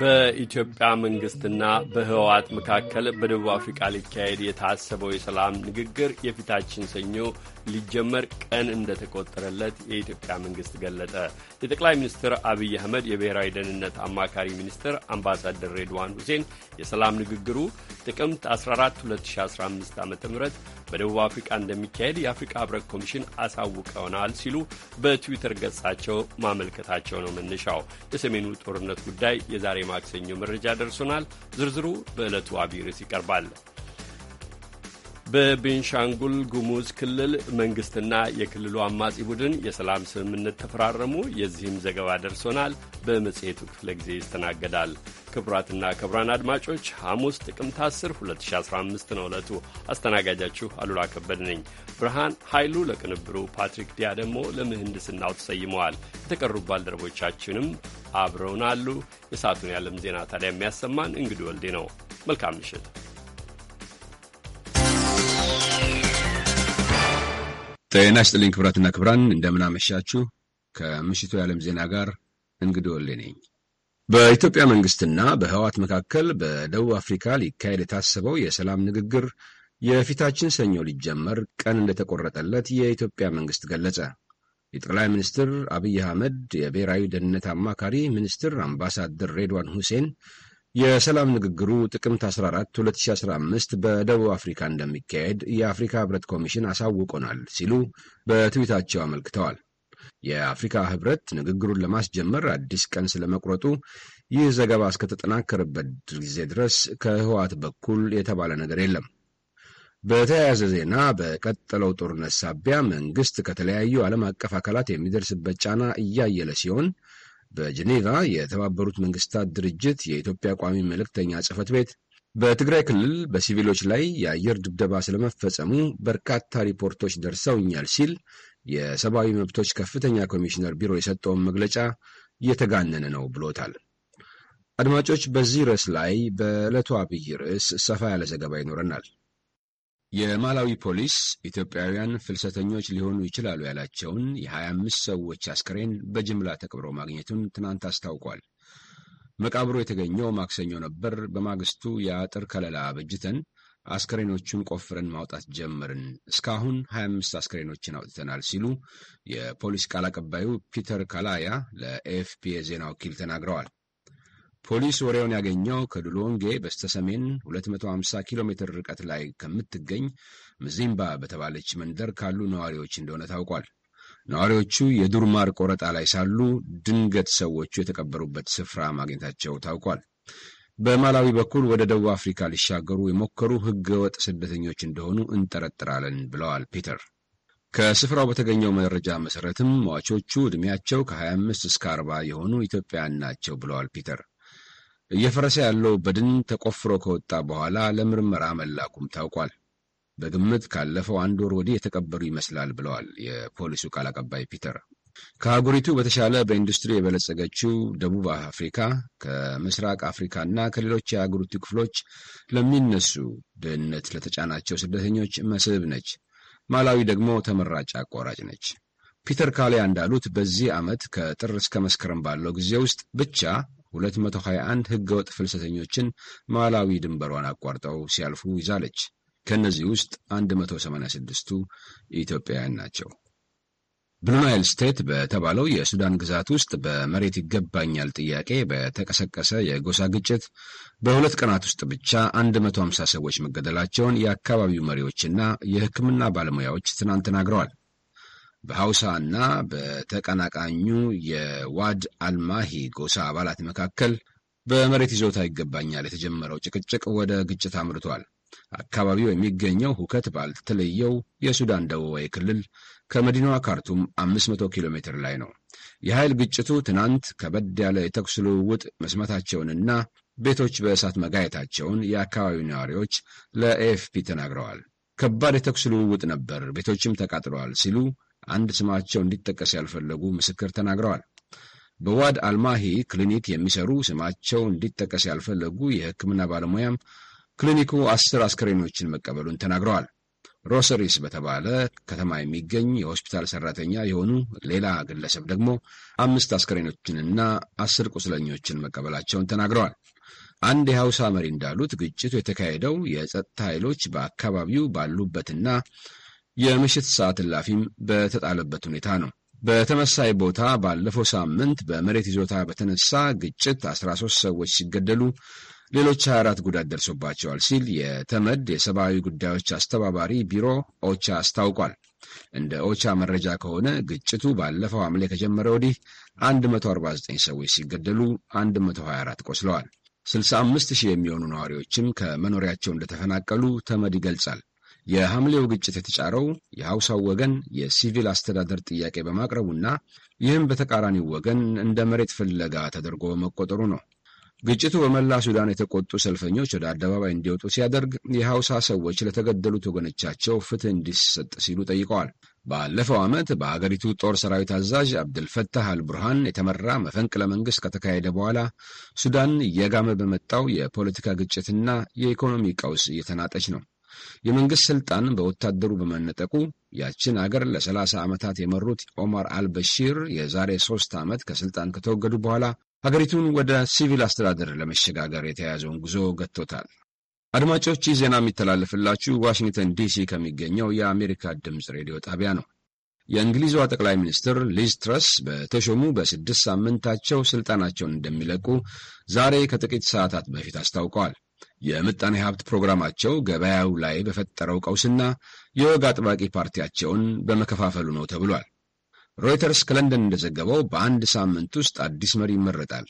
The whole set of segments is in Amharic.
በኢትዮጵያ መንግስትና በህወሓት መካከል በደቡብ አፍሪካ ሊካሄድ የታሰበው የሰላም ንግግር የፊታችን ሰኞ ሊጀመር ቀን እንደተቆጠረለት የኢትዮጵያ መንግስት ገለጠ። የጠቅላይ ሚኒስትር አብይ አህመድ የብሔራዊ ደህንነት አማካሪ ሚኒስትር አምባሳደር ሬድዋን ሁሴን የሰላም ንግግሩ ጥቅምት 14 2015 ዓ ም በደቡብ አፍሪቃ እንደሚካሄድ የአፍሪቃ ህብረት ኮሚሽን አሳውቀውናል ሲሉ በትዊተር ገጻቸው ማመልከታቸው ነው መነሻው። የሰሜኑ ጦርነት ጉዳይ የዛሬ ማክሰኞ መረጃ ደርሶናል። ዝርዝሩ በዕለቱ አብይ ርዕስ ይቀርባል። በቤንሻንጉል ጉሙዝ ክልል መንግስትና የክልሉ አማጺ ቡድን የሰላም ስምምነት ተፈራረሙ። የዚህም ዘገባ ደርሶናል፣ በመጽሔቱ ክፍለ ጊዜ ይስተናገዳል። ክቡራትና ክቡራን አድማጮች ሐሙስ ጥቅምት 10 2015 ነው ዕለቱ። አስተናጋጃችሁ አሉላ ከበድ ነኝ። ብርሃን ኃይሉ ለቅንብሩ፣ ፓትሪክ ዲያ ደግሞ ለምህንድስናው ተሰይመዋል። የተቀሩ ባልደረቦቻችንም አሉ። የሰዓቱን የዓለም ዜና ታዲያ የሚያሰማን እንግዲህ ወልዴ ነው። መልካም ምሽት። ጤና ይስጥልኝ ክብራትና ክብራን፣ እንደምናመሻችሁ። ከምሽቱ የዓለም ዜና ጋር እንግዲህ ወሌ ነኝ። በኢትዮጵያ መንግስትና በህዋት መካከል በደቡብ አፍሪካ ሊካሄድ የታሰበው የሰላም ንግግር የፊታችን ሰኞ ሊጀመር ቀን እንደተቆረጠለት የኢትዮጵያ መንግስት ገለጸ። የጠቅላይ ሚኒስትር አብይ አህመድ የብሔራዊ ደህንነት አማካሪ ሚኒስትር አምባሳደር ሬድዋን ሁሴን የሰላም ንግግሩ ጥቅምት 14 2015 በደቡብ አፍሪካ እንደሚካሄድ የአፍሪካ ህብረት ኮሚሽን አሳውቆናል ሲሉ በትዊታቸው አመልክተዋል። የአፍሪካ ህብረት ንግግሩን ለማስጀመር አዲስ ቀን ስለመቁረጡ ይህ ዘገባ እስከተጠናከረበት ጊዜ ድረስ ከህወሓት በኩል የተባለ ነገር የለም። በተያያዘ ዜና በቀጠለው ጦርነት ሳቢያ መንግስት ከተለያዩ ዓለም አቀፍ አካላት የሚደርስበት ጫና እያየለ ሲሆን በጄኔቫ የተባበሩት መንግስታት ድርጅት የኢትዮጵያ ቋሚ መልእክተኛ ጽህፈት ቤት በትግራይ ክልል በሲቪሎች ላይ የአየር ድብደባ ስለመፈጸሙ በርካታ ሪፖርቶች ደርሰውኛል ሲል የሰብአዊ መብቶች ከፍተኛ ኮሚሽነር ቢሮ የሰጠውን መግለጫ እየተጋነነ ነው ብሎታል። አድማጮች፣ በዚህ ርዕስ ላይ በዕለቱ አብይ ርዕስ ሰፋ ያለ ዘገባ ይኖረናል። የማላዊ ፖሊስ ኢትዮጵያውያን ፍልሰተኞች ሊሆኑ ይችላሉ ያላቸውን የ25 ሰዎች አስክሬን በጅምላ ተቅብሮ ማግኘቱን ትናንት አስታውቋል። መቃብሩ የተገኘው ማክሰኞ ነበር። በማግስቱ የአጥር ከለላ በጅተን አስክሬኖቹን ቆፍረን ማውጣት ጀመርን። እስካሁን 25 አስክሬኖችን አውጥተናል ሲሉ የፖሊስ ቃል አቀባዩ ፒተር ካላያ ለኤኤፍፒ የዜና ወኪል ተናግረዋል። ፖሊስ ወሬውን ያገኘው ከዱሎንጌ በስተሰሜን 250 ኪሎ ሜትር ርቀት ላይ ከምትገኝ ምዚምባ በተባለች መንደር ካሉ ነዋሪዎች እንደሆነ ታውቋል። ነዋሪዎቹ የዱር ማር ቆረጣ ላይ ሳሉ ድንገት ሰዎቹ የተቀበሩበት ስፍራ ማግኘታቸው ታውቋል። በማላዊ በኩል ወደ ደቡብ አፍሪካ ሊሻገሩ የሞከሩ ሕገወጥ ስደተኞች እንደሆኑ እንጠረጥራለን ብለዋል ፒተር። ከስፍራው በተገኘው መረጃ መሰረትም ሟቾቹ ዕድሜያቸው ከ25 እስከ 40 የሆኑ ኢትዮጵያውያን ናቸው ብለዋል ፒተር። እየፈረሰ ያለው በድን ተቆፍሮ ከወጣ በኋላ ለምርመራ መላኩም ታውቋል። በግምት ካለፈው አንድ ወር ወዲህ የተቀበሩ ይመስላል ብለዋል የፖሊሱ ቃል አቀባይ ፒተር። ከአህጉሪቱ በተሻለ በኢንዱስትሪ የበለጸገችው ደቡብ አፍሪካ ከምስራቅ አፍሪካና ከሌሎች የአህጉሪቱ ክፍሎች ለሚነሱ ድህነት ለተጫናቸው ስደተኞች መስህብ ነች። ማላዊ ደግሞ ተመራጭ አቋራጭ ነች። ፒተር ካሊያ እንዳሉት በዚህ ዓመት ከጥር እስከ መስከረም ባለው ጊዜ ውስጥ ብቻ 221 ህገወጥ ፍልሰተኞችን ማላዊ ድንበሯን አቋርጠው ሲያልፉ ይዛለች። ከእነዚህ ውስጥ 186ቱ ኢትዮጵያውያን ናቸው። ብሉናይል ስቴት በተባለው የሱዳን ግዛት ውስጥ በመሬት ይገባኛል ጥያቄ በተቀሰቀሰ የጎሳ ግጭት በሁለት ቀናት ውስጥ ብቻ 150 ሰዎች መገደላቸውን የአካባቢው መሪዎችና የሕክምና ባለሙያዎች ትናንት ተናግረዋል። በሐውሳ እና በተቀናቃኙ የዋድ አልማሂ ጎሳ አባላት መካከል በመሬት ይዞታ ይገባኛል የተጀመረው ጭቅጭቅ ወደ ግጭት አምርቷል። አካባቢው የሚገኘው ሁከት ባልተለየው የሱዳን ደቡባዊ ክልል ከመዲናዋ ካርቱም 500 ኪሎ ሜትር ላይ ነው። የኃይል ግጭቱ ትናንት ከበድ ያለ የተኩስ ልውውጥ መስማታቸውንና ቤቶች በእሳት መጋየታቸውን የአካባቢው ነዋሪዎች ለኤኤፍፒ ተናግረዋል። ከባድ የተኩስ ልውውጥ ነበር፣ ቤቶችም ተቃጥለዋል ሲሉ አንድ ስማቸው እንዲጠቀስ ያልፈለጉ ምስክር ተናግረዋል። በዋድ አልማሂ ክሊኒክ የሚሰሩ ስማቸው እንዲጠቀስ ያልፈለጉ የሕክምና ባለሙያም ክሊኒኩ አስር አስከሬኖችን መቀበሉን ተናግረዋል። ሮሰሪስ በተባለ ከተማ የሚገኝ የሆስፒታል ሰራተኛ የሆኑ ሌላ ግለሰብ ደግሞ አምስት አስከሬኖችንና አስር ቁስለኞችን መቀበላቸውን ተናግረዋል። አንድ የሐውሳ መሪ እንዳሉት ግጭቱ የተካሄደው የጸጥታ ኃይሎች በአካባቢው ባሉበትና የምሽት ሰዓት እላፊም በተጣለበት ሁኔታ ነው። በተመሳይ ቦታ ባለፈው ሳምንት በመሬት ይዞታ በተነሳ ግጭት 13 ሰዎች ሲገደሉ ሌሎች 24 ጉዳት ደርሶባቸዋል ሲል የተመድ የሰብአዊ ጉዳዮች አስተባባሪ ቢሮ ኦቻ አስታውቋል። እንደ ኦቻ መረጃ ከሆነ ግጭቱ ባለፈው ሐምሌ ከጀመረ ወዲህ 149 ሰዎች ሲገደሉ 124 ቆስለዋል። 65 ሺህ የሚሆኑ ነዋሪዎችም ከመኖሪያቸው እንደተፈናቀሉ ተመድ ይገልጻል። የሐምሌው ግጭት የተጫረው የሐውሳው ወገን የሲቪል አስተዳደር ጥያቄ በማቅረቡና ይህም በተቃራኒው ወገን እንደ መሬት ፍለጋ ተደርጎ መቆጠሩ ነው። ግጭቱ በመላ ሱዳን የተቆጡ ሰልፈኞች ወደ አደባባይ እንዲወጡ ሲያደርግ የሐውሳ ሰዎች ለተገደሉት ወገኖቻቸው ፍትህ እንዲሰጥ ሲሉ ጠይቀዋል። ባለፈው ዓመት በአገሪቱ ጦር ሰራዊት አዛዥ አብድልፈታህ አልቡርሃን የተመራ መፈንቅለ መንግሥት ከተካሄደ በኋላ ሱዳን እየጋመ በመጣው የፖለቲካ ግጭትና የኢኮኖሚ ቀውስ እየተናጠች ነው። የመንግሥት ሥልጣን በወታደሩ በመነጠቁ ያችን አገር ለሰላሳ ዓመታት የመሩት ኦማር አልበሺር የዛሬ ሦስት ዓመት ከሥልጣን ከተወገዱ በኋላ ሀገሪቱን ወደ ሲቪል አስተዳደር ለመሸጋገር የተያያዘውን ጉዞ ገጥቶታል። አድማጮች ይህ ዜና የሚተላለፍላችሁ ዋሽንግተን ዲሲ ከሚገኘው የአሜሪካ ድምፅ ሬዲዮ ጣቢያ ነው። የእንግሊዟ ጠቅላይ ሚኒስትር ሊዝ ትረስ በተሾሙ በስድስት ሳምንታቸው ስልጣናቸውን እንደሚለቁ ዛሬ ከጥቂት ሰዓታት በፊት አስታውቀዋል። የምጣኔ ሀብት ፕሮግራማቸው ገበያው ላይ በፈጠረው ቀውስና የወግ አጥባቂ ፓርቲያቸውን በመከፋፈሉ ነው ተብሏል። ሮይተርስ ከለንደን እንደዘገበው በአንድ ሳምንት ውስጥ አዲስ መሪ ይመረጣል።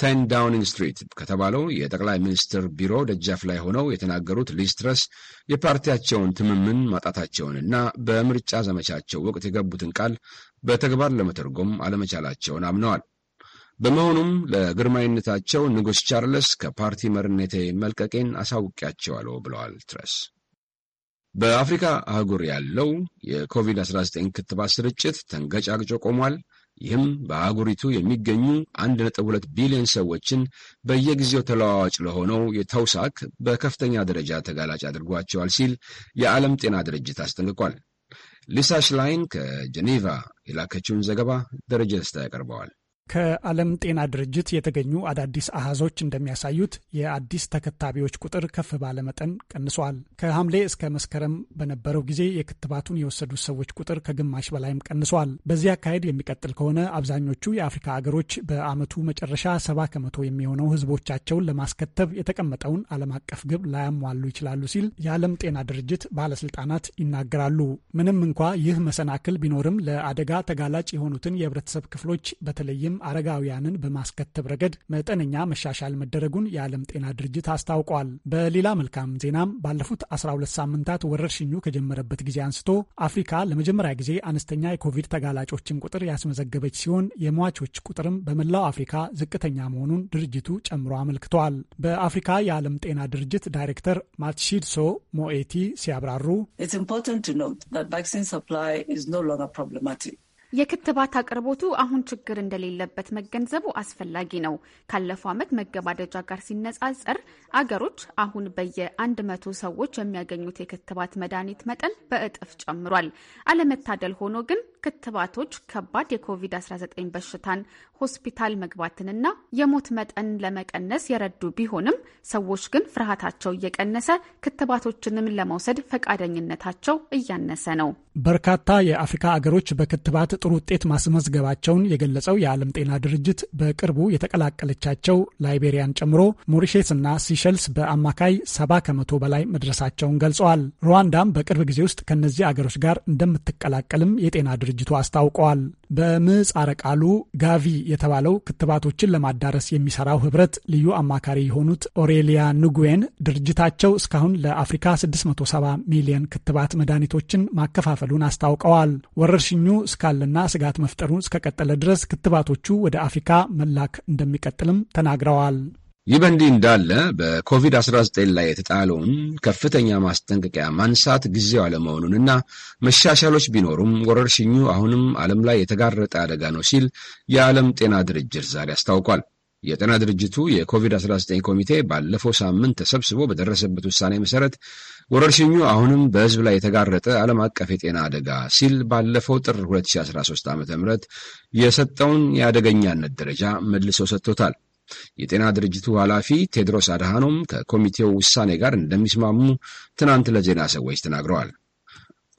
ቴን ዳውኒንግ ስትሪት ከተባለው የጠቅላይ ሚኒስትር ቢሮ ደጃፍ ላይ ሆነው የተናገሩት ሊስትረስ የፓርቲያቸውን ትምምን ማጣታቸውንና በምርጫ ዘመቻቸው ወቅት የገቡትን ቃል በተግባር ለመተርጎም አለመቻላቸውን አምነዋል። በመሆኑም ለግርማዊነታቸው ንጉሥ ቻርለስ ከፓርቲ መሪነቴ መልቀቄን አሳውቂያቸዋለሁ ብለዋል ትረስ። በአፍሪካ አህጉር ያለው የኮቪድ-19 ክትባት ስርጭት ተንገጫግጮ ቆሟል። ይህም በአህጉሪቱ የሚገኙ 1.2 ቢሊዮን ሰዎችን በየጊዜው ተለዋዋጭ ለሆነው የተውሳክ በከፍተኛ ደረጃ ተጋላጭ አድርጓቸዋል ሲል የዓለም ጤና ድርጅት አስጠንቅቋል። ሊሳ ሽላይን ከጀኔቫ የላከችውን ዘገባ ደረጀ ደስታ ያቀርበዋል። ከዓለም ጤና ድርጅት የተገኙ አዳዲስ አሃዞች እንደሚያሳዩት የአዲስ ተከታቢዎች ቁጥር ከፍ ባለ መጠን ቀንሷል። ከሐምሌ እስከ መስከረም በነበረው ጊዜ የክትባቱን የወሰዱ ሰዎች ቁጥር ከግማሽ በላይም ቀንሷል። በዚህ አካሄድ የሚቀጥል ከሆነ አብዛኞቹ የአፍሪካ አገሮች በዓመቱ መጨረሻ ሰባ ከመቶ የሚሆነው ህዝቦቻቸውን ለማስከተብ የተቀመጠውን ዓለም አቀፍ ግብ ላያሟሉ ይችላሉ ሲል የዓለም ጤና ድርጅት ባለስልጣናት ይናገራሉ። ምንም እንኳ ይህ መሰናክል ቢኖርም ለአደጋ ተጋላጭ የሆኑትን የህብረተሰብ ክፍሎች በተለይም አረጋውያንን በማስከተብ ረገድ መጠነኛ መሻሻል መደረጉን የዓለም ጤና ድርጅት አስታውቋል። በሌላ መልካም ዜናም ባለፉት 12 ሳምንታት ወረርሽኙ ከጀመረበት ጊዜ አንስቶ አፍሪካ ለመጀመሪያ ጊዜ አነስተኛ የኮቪድ ተጋላጮችን ቁጥር ያስመዘገበች ሲሆን የሟቾች ቁጥርም በመላው አፍሪካ ዝቅተኛ መሆኑን ድርጅቱ ጨምሮ አመልክተዋል። በአፍሪካ የዓለም ጤና ድርጅት ዳይሬክተር ማትሺድሶ ሞኤቲ ሲያብራሩ የክትባት አቅርቦቱ አሁን ችግር እንደሌለበት መገንዘቡ አስፈላጊ ነው። ካለፈው ዓመት መገባደጃ ጋር ሲነጻጸር አገሮች አሁን በየ100 ሰዎች የሚያገኙት የክትባት መድኃኒት መጠን በእጥፍ ጨምሯል። አለመታደል ሆኖ ግን ክትባቶች ከባድ የኮቪድ-19 በሽታን፣ ሆስፒታል መግባትንና የሞት መጠን ለመቀነስ የረዱ ቢሆንም ሰዎች ግን ፍርሃታቸው እየቀነሰ ክትባቶችንም ለመውሰድ ፈቃደኝነታቸው እያነሰ ነው። በርካታ የአፍሪካ አገሮች በክትባት ጥሩ ውጤት ማስመዝገባቸውን የገለጸው የዓለም ጤና ድርጅት በቅርቡ የተቀላቀለቻቸው ላይቤሪያን ጨምሮ ሞሪሼስ እና ሲሸልስ በአማካይ ሰባ ከመቶ በላይ መድረሳቸውን ገልጸዋል። ሩዋንዳም በቅርብ ጊዜ ውስጥ ከእነዚህ አገሮች ጋር እንደምትቀላቀልም የጤና ድርጅቱ አስታውቀዋል። በምህጻረ ቃሉ ጋቪ የተባለው ክትባቶችን ለማዳረስ የሚሰራው ህብረት ልዩ አማካሪ የሆኑት ኦሬሊያ ንጉዌን ድርጅታቸው እስካሁን ለአፍሪካ 670 ሚሊዮን ክትባት መድኃኒቶችን ማከፋፈሉን አስታውቀዋል። ወረርሽኙ እስካለ መቀጠልና ስጋት መፍጠሩን እስከቀጠለ ድረስ ክትባቶቹ ወደ አፍሪካ መላክ እንደሚቀጥልም ተናግረዋል። ይህ በእንዲህ እንዳለ በኮቪድ-19 ላይ የተጣለውን ከፍተኛ ማስጠንቀቂያ ማንሳት ጊዜው አለመሆኑንና መሻሻሎች ቢኖሩም ወረርሽኙ አሁንም ዓለም ላይ የተጋረጠ አደጋ ነው ሲል የዓለም ጤና ድርጅት ዛሬ አስታውቋል። የጤና ድርጅቱ የኮቪድ-19 ኮሚቴ ባለፈው ሳምንት ተሰብስቦ በደረሰበት ውሳኔ መሰረት ወረርሽኙ አሁንም በሕዝብ ላይ የተጋረጠ ዓለም አቀፍ የጤና አደጋ ሲል ባለፈው ጥር 2013 ዓ ም የሰጠውን የአደገኛነት ደረጃ መልሶ ሰጥቶታል። የጤና ድርጅቱ ኃላፊ ቴድሮስ አድሃኖም ከኮሚቴው ውሳኔ ጋር እንደሚስማሙ ትናንት ለዜና ሰዎች ተናግረዋል።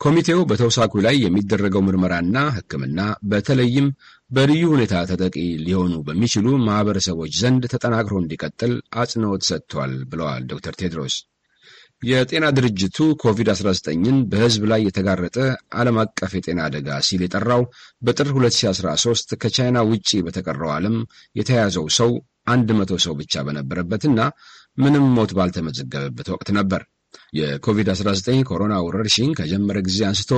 ኮሚቴው በተውሳኩ ላይ የሚደረገው ምርመራና ሕክምና በተለይም በልዩ ሁኔታ ተጠቂ ሊሆኑ በሚችሉ ማኅበረሰቦች ዘንድ ተጠናክሮ እንዲቀጥል አጽንዖት ሰጥቷል ብለዋል ዶክተር ቴድሮስ። የጤና ድርጅቱ ኮቪድ-19ን በሕዝብ ላይ የተጋረጠ ዓለም አቀፍ የጤና አደጋ ሲል የጠራው በጥር 2013 ከቻይና ውጪ በተቀረው ዓለም የተያዘው ሰው 100 ሰው ብቻ በነበረበትና ምንም ሞት ባልተመዘገበበት ወቅት ነበር። የኮቪድ-19 ኮሮና ወረርሽኝ ከጀመረ ጊዜ አንስቶ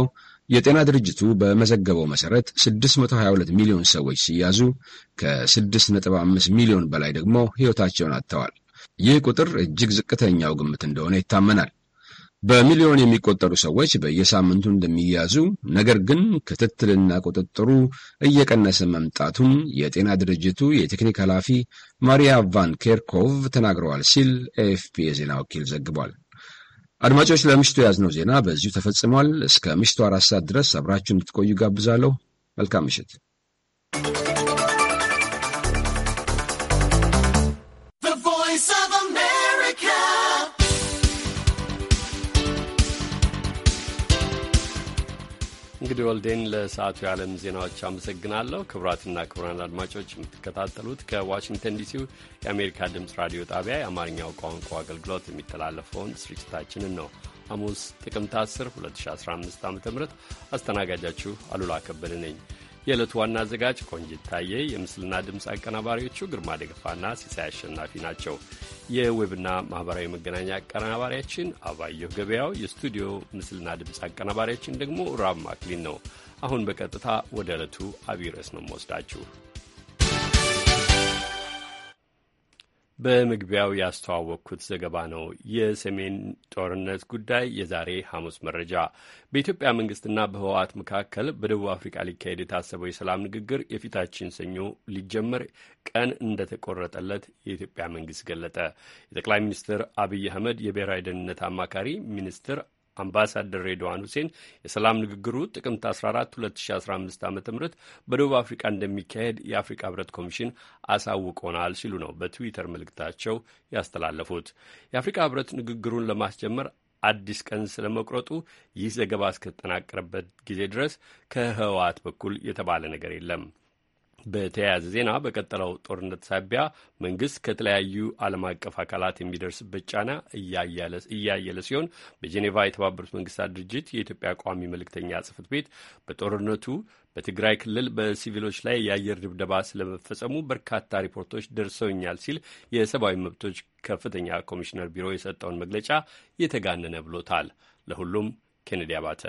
የጤና ድርጅቱ በመዘገበው መሰረት 622 ሚሊዮን ሰዎች ሲያዙ ከ6.5 ሚሊዮን በላይ ደግሞ ሕይወታቸውን አጥተዋል። ይህ ቁጥር እጅግ ዝቅተኛው ግምት እንደሆነ ይታመናል። በሚሊዮን የሚቆጠሩ ሰዎች በየሳምንቱ እንደሚያዙ፣ ነገር ግን ክትትልና ቁጥጥሩ እየቀነሰ መምጣቱን የጤና ድርጅቱ የቴክኒክ ኃላፊ ማሪያ ቫን ኬርኮቭ ተናግረዋል ሲል ኤኤፍፒ የዜና ወኪል ዘግቧል። አድማጮች፣ ለምሽቱ የያዝነው ዜና በዚሁ ተፈጽሟል። እስከ ምሽቱ አራት ሰዓት ድረስ አብራችሁ እንድትቆዩ ጋብዛለሁ። መልካም ምሽት። እንግዲህ ወልዴን ለሰዓቱ የዓለም ዜናዎች አመሰግናለሁ። ክቡራትና ክቡራን አድማጮች የምትከታተሉት ከዋሽንግተን ዲሲው የአሜሪካ ድምፅ ራዲዮ ጣቢያ የአማርኛው ቋንቋ አገልግሎት የሚተላለፈውን ስርጭታችንን ነው። ሐሙስ ጥቅምት 10 2015 ዓ ም አስተናጋጃችሁ አሉላ ከበደ ነኝ። የዕለቱ ዋና አዘጋጅ ቆንጅ ታዬ፣ የምስልና ድምፅ አቀናባሪዎቹ ግርማ ደገፋና ሲሳይ አሸናፊ ናቸው። የዌብና ማኅበራዊ መገናኛ አቀናባሪያችን አባየሁ ገበያው፣ የስቱዲዮ ምስልና ድምፅ አቀናባሪያችን ደግሞ ራብ ማክሊን ነው። አሁን በቀጥታ ወደ ዕለቱ አብይ ርዕስ ነው መወስዳችሁ። በመግቢያው ያስተዋወቅኩት ዘገባ ነው። የሰሜን ጦርነት ጉዳይ የዛሬ ሐሙስ መረጃ። በኢትዮጵያ መንግስትና በህወሓት መካከል በደቡብ አፍሪካ ሊካሄድ የታሰበው የሰላም ንግግር የፊታችን ሰኞ ሊጀመር ቀን እንደተቆረጠለት የኢትዮጵያ መንግስት ገለጠ። የጠቅላይ ሚኒስትር አብይ አህመድ የብሔራዊ ደህንነት አማካሪ ሚኒስትር አምባሳደር ሬድዋን ሁሴን የሰላም ንግግሩ ጥቅምት 14 2015 ዓ ም በደቡብ አፍሪካ እንደሚካሄድ የአፍሪካ ህብረት ኮሚሽን አሳውቆናል ሲሉ ነው በትዊተር መልእክታቸው ያስተላለፉት። የአፍሪካ ህብረት ንግግሩን ለማስጀመር አዲስ ቀን ስለመቁረጡ ይህ ዘገባ እስከተጠናቀረበት ጊዜ ድረስ ከህወሓት በኩል የተባለ ነገር የለም። በተያያዘ ዜና በቀጠለው ጦርነት ሳቢያ መንግስት ከተለያዩ ዓለም አቀፍ አካላት የሚደርስበት ጫና እያየለ ሲሆን በጄኔቫ የተባበሩት መንግስታት ድርጅት የኢትዮጵያ ቋሚ መልእክተኛ ጽህፈት ቤት በጦርነቱ በትግራይ ክልል በሲቪሎች ላይ የአየር ድብደባ ስለመፈጸሙ በርካታ ሪፖርቶች ደርሰውኛል ሲል የሰብአዊ መብቶች ከፍተኛ ኮሚሽነር ቢሮ የሰጠውን መግለጫ የተጋነነ ብሎታል። ለሁሉም ኬኔዲ አባተ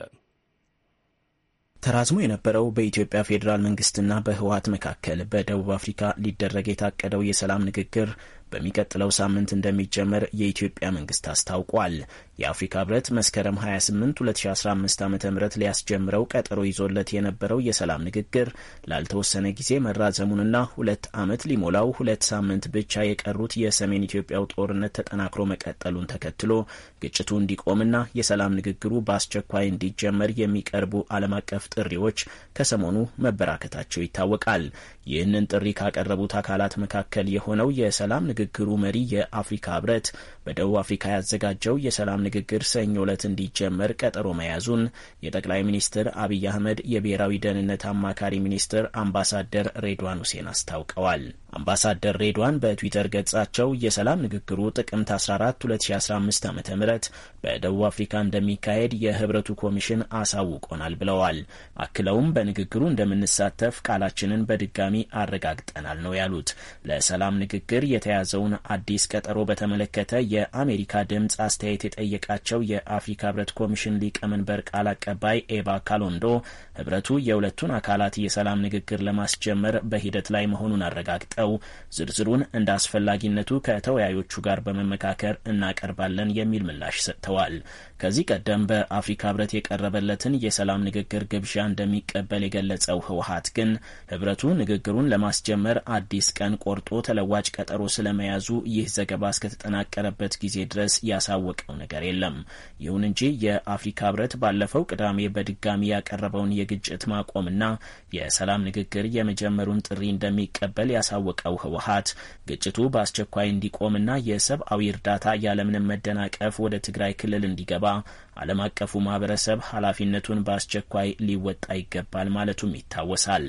ተራዝሞ የነበረው በኢትዮጵያ ፌዴራል መንግስትና በህወሀት መካከል በደቡብ አፍሪካ ሊደረግ የታቀደው የሰላም ንግግር በሚቀጥለው ሳምንት እንደሚጀመር የኢትዮጵያ መንግስት አስታውቋል። የአፍሪካ ህብረት መስከረም 28 2015 ዓ ም ሊያስጀምረው ቀጠሮ ይዞለት የነበረው የሰላም ንግግር ላልተወሰነ ጊዜ መራዘሙንና ሁለት ዓመት ሊሞላው ሁለት ሳምንት ብቻ የቀሩት የሰሜን ኢትዮጵያው ጦርነት ተጠናክሮ መቀጠሉን ተከትሎ ግጭቱ እንዲቆምና የሰላም ንግግሩ በአስቸኳይ እንዲጀመር የሚቀርቡ ዓለም አቀፍ ጥሪዎች ከሰሞኑ መበራከታቸው ይታወቃል። ይህንን ጥሪ ካቀረቡት አካላት መካከል የሆነው የሰላም ንግግሩ መሪ የአፍሪካ ህብረት በደቡብ አፍሪካ ያዘጋጀው የሰላም ንግግር ሰኞ ዕለት እንዲጀመር ቀጠሮ መያዙን የጠቅላይ ሚኒስትር አብይ አህመድ የብሔራዊ ደህንነት አማካሪ ሚኒስትር አምባሳደር ሬድዋን ሁሴን አስታውቀዋል። አምባሳደር ሬድዋን በትዊተር ገጻቸው የሰላም ንግግሩ ጥቅምት 14 2015 ዓ ም በደቡብ አፍሪካ እንደሚካሄድ የህብረቱ ኮሚሽን አሳውቆናል ብለዋል። አክለውም በንግግሩ እንደምንሳተፍ ቃላችንን በድጋሚ አረጋግጠናል ነው ያሉት። ለሰላም ንግግር የተያዘውን አዲስ ቀጠሮ በተመለከተ የአሜሪካ ድምፅ አስተያየት የጠየቀ መጠየቃቸው የአፍሪካ ህብረት ኮሚሽን ሊቀመንበር ቃል አቀባይ ኤባ ካሎንዶ ህብረቱ የሁለቱን አካላት የሰላም ንግግር ለማስጀመር በሂደት ላይ መሆኑን አረጋግጠው ዝርዝሩን እንደ አስፈላጊነቱ ከተወያዮቹ ጋር በመመካከር እናቀርባለን የሚል ምላሽ ሰጥተዋል። ከዚህ ቀደም በአፍሪካ ህብረት የቀረበለትን የሰላም ንግግር ግብዣ እንደሚቀበል የገለጸው ህወሀት ግን ህብረቱ ንግግሩን ለማስጀመር አዲስ ቀን ቆርጦ ተለዋጭ ቀጠሮ ስለመያዙ ይህ ዘገባ እስከተጠናቀረበት ጊዜ ድረስ ያሳወቀው ነገር ነገር የለም። ይሁን እንጂ የአፍሪካ ህብረት ባለፈው ቅዳሜ በድጋሚ ያቀረበውን የግጭት ማቆምና የሰላም ንግግር የመጀመሩን ጥሪ እንደሚቀበል ያሳወቀው ህወሀት ግጭቱ በአስቸኳይ እንዲቆምና የሰብአዊ እርዳታ ያለምንም መደናቀፍ ወደ ትግራይ ክልል እንዲገባ ዓለም አቀፉ ማህበረሰብ ኃላፊነቱን በአስቸኳይ ሊወጣ ይገባል ማለቱም ይታወሳል።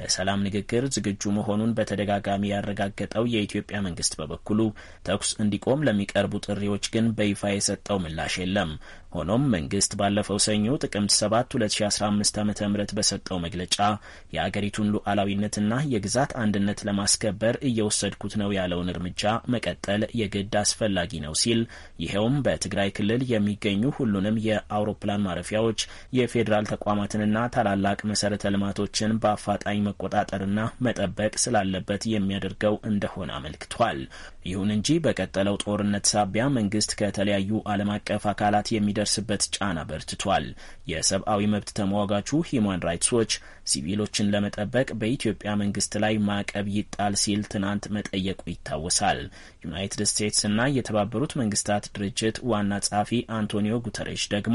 ለሰላም ንግግር ዝግጁ መሆኑን በተደጋጋሚ ያረጋገጠው የኢትዮጵያ መንግስት በበኩሉ ተኩስ እንዲቆም ለሚቀርቡ ጥሪዎች ግን በይፋ የሰጠው ምላሽ የለም። ሆኖም መንግስት ባለፈው ሰኞ ጥቅምት 7 2015 ዓ.ም በሰጠው መግለጫ የአገሪቱን ሉዓላዊነትና የግዛት አንድነት ለማስከበር እየወሰድኩት ነው ያለውን እርምጃ መቀጠል የግድ አስፈላጊ ነው ሲል ይኸውም በትግራይ ክልል የሚገኙ ሁሉንም የአውሮፕላን ማረፊያዎች፣ የፌዴራል ተቋማትንና ታላላቅ መሰረተ ልማቶችን በአፋጣኝ መቆጣጠርና መጠበቅ ስላለበት የሚያደርገው እንደሆነ አመልክቷል። ይሁን እንጂ በቀጠለው ጦርነት ሳቢያ መንግስት ከተለያዩ ዓለም አቀፍ አካላት የሚደርስበት ጫና በርትቷል። የሰብአዊ መብት ተሟጋቹ ሂማን ራይትስ ዎች ሲቪሎችን ለመጠበቅ በኢትዮጵያ መንግስት ላይ ማዕቀብ ይጣል ሲል ትናንት መጠየቁ ይታወሳል። ዩናይትድ ስቴትስና የተባበሩት መንግስታት ድርጅት ዋና ጸሐፊ አንቶኒዮ ጉተሬሽ ደግሞ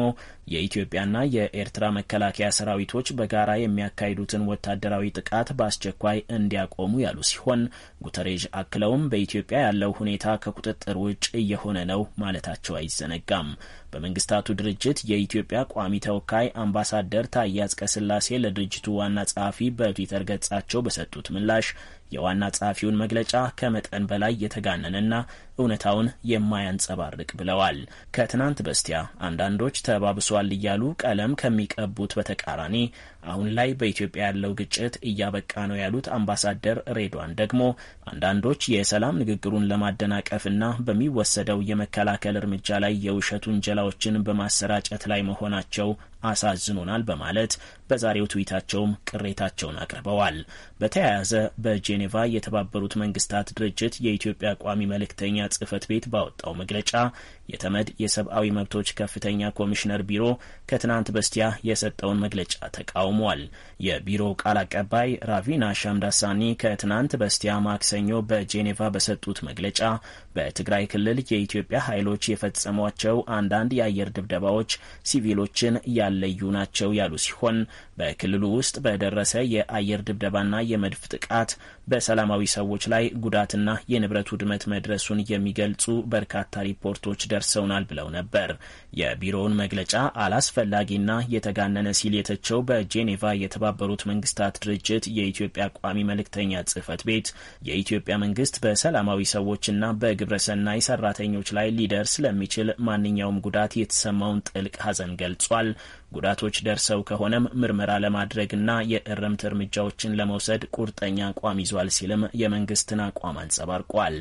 የኢትዮጵያና የኤርትራ መከላከያ ሰራዊቶች በጋራ የሚያካሂዱትን ወታደራዊ ጥቃት በአስቸኳይ እንዲያቆሙ ያሉ ሲሆን ጉተሬዥ አክለውም በኢትዮጵያ ያለው ሁኔታ ከቁጥጥር ውጭ እየሆነ ነው ማለታቸው አይዘነጋም። በመንግስታቱ ድርጅት የኢትዮጵያ ቋሚ ተወካይ አምባሳደር ታዬ አጽቀሥላሴ ለድርጅቱ ዋና ጸሐፊ በትዊተር ገጻቸው በሰጡት ምላሽ የዋና ጸሐፊውን መግለጫ ከመጠን በላይ የተጋነነና እውነታውን የማያንጸባርቅ ብለዋል። ከትናንት በስቲያ አንዳንዶች ተባብሷል እያሉ ቀለም ከሚቀቡት በተቃራኒ አሁን ላይ በኢትዮጵያ ያለው ግጭት እያበቃ ነው ያሉት አምባሳደር ሬድዋን ደግሞ አንዳንዶች የሰላም ንግግሩን ለማደናቀፍና በሚወሰደው የመከላከል እርምጃ ላይ የውሸት ውንጀላዎችን በማሰራጨት ላይ መሆናቸው አሳዝኖናል በማለት በዛሬው ትዊታቸውም ቅሬታቸውን አቅርበዋል። በተያያዘ በጄኔቫ የተባበሩት መንግስታት ድርጅት የኢትዮጵያ ቋሚ መልእክተኛ ጽህፈት ቤት ባወጣው መግለጫ የተመድ የሰብአዊ መብቶች ከፍተኛ ኮሚሽነር ቢሮ ከትናንት በስቲያ የሰጠውን መግለጫ ተቃውሟል። የቢሮው ቃል አቀባይ ራቪና ሻምዳሳኒ ከትናንት በስቲያ ማክሰኞ በጄኔቫ በሰጡት መግለጫ በትግራይ ክልል የኢትዮጵያ ኃይሎች የፈጸሟቸው አንዳንድ የአየር ድብደባዎች ሲቪሎችን ያለዩ ናቸው ያሉ ሲሆን በክልሉ ውስጥ በደረሰ የአየር ድብደባና የመድፍ ጥቃት በሰላማዊ ሰዎች ላይ ጉዳትና የንብረት ውድመት መድረሱን የሚገልጹ በርካታ ሪፖርቶች ደርሰውናል ብለው ነበር። የቢሮውን መግለጫ አላስፈላጊና የተጋነነ ሲል የተቸው በጄኔቫ የተባበሩት መንግስታት ድርጅት የኢትዮጵያ ቋሚ መልእክተኛ ጽህፈት ቤት የኢትዮጵያ መንግስት በሰላማዊ ሰዎችና በግብረሰናይ ሰራተኞች ላይ ሊደርስ ለሚችል ማንኛውም ጉዳት የተሰማውን ጥልቅ ሐዘን ገልጿል። ጉዳቶች ደርሰው ከሆነም ምርመራ ለማድረግና የእርምት እርምጃዎችን ለመውሰድ ቁርጠኛ አቋም ይዟል ሲልም የመንግስትን አቋም አንጸባርቋል።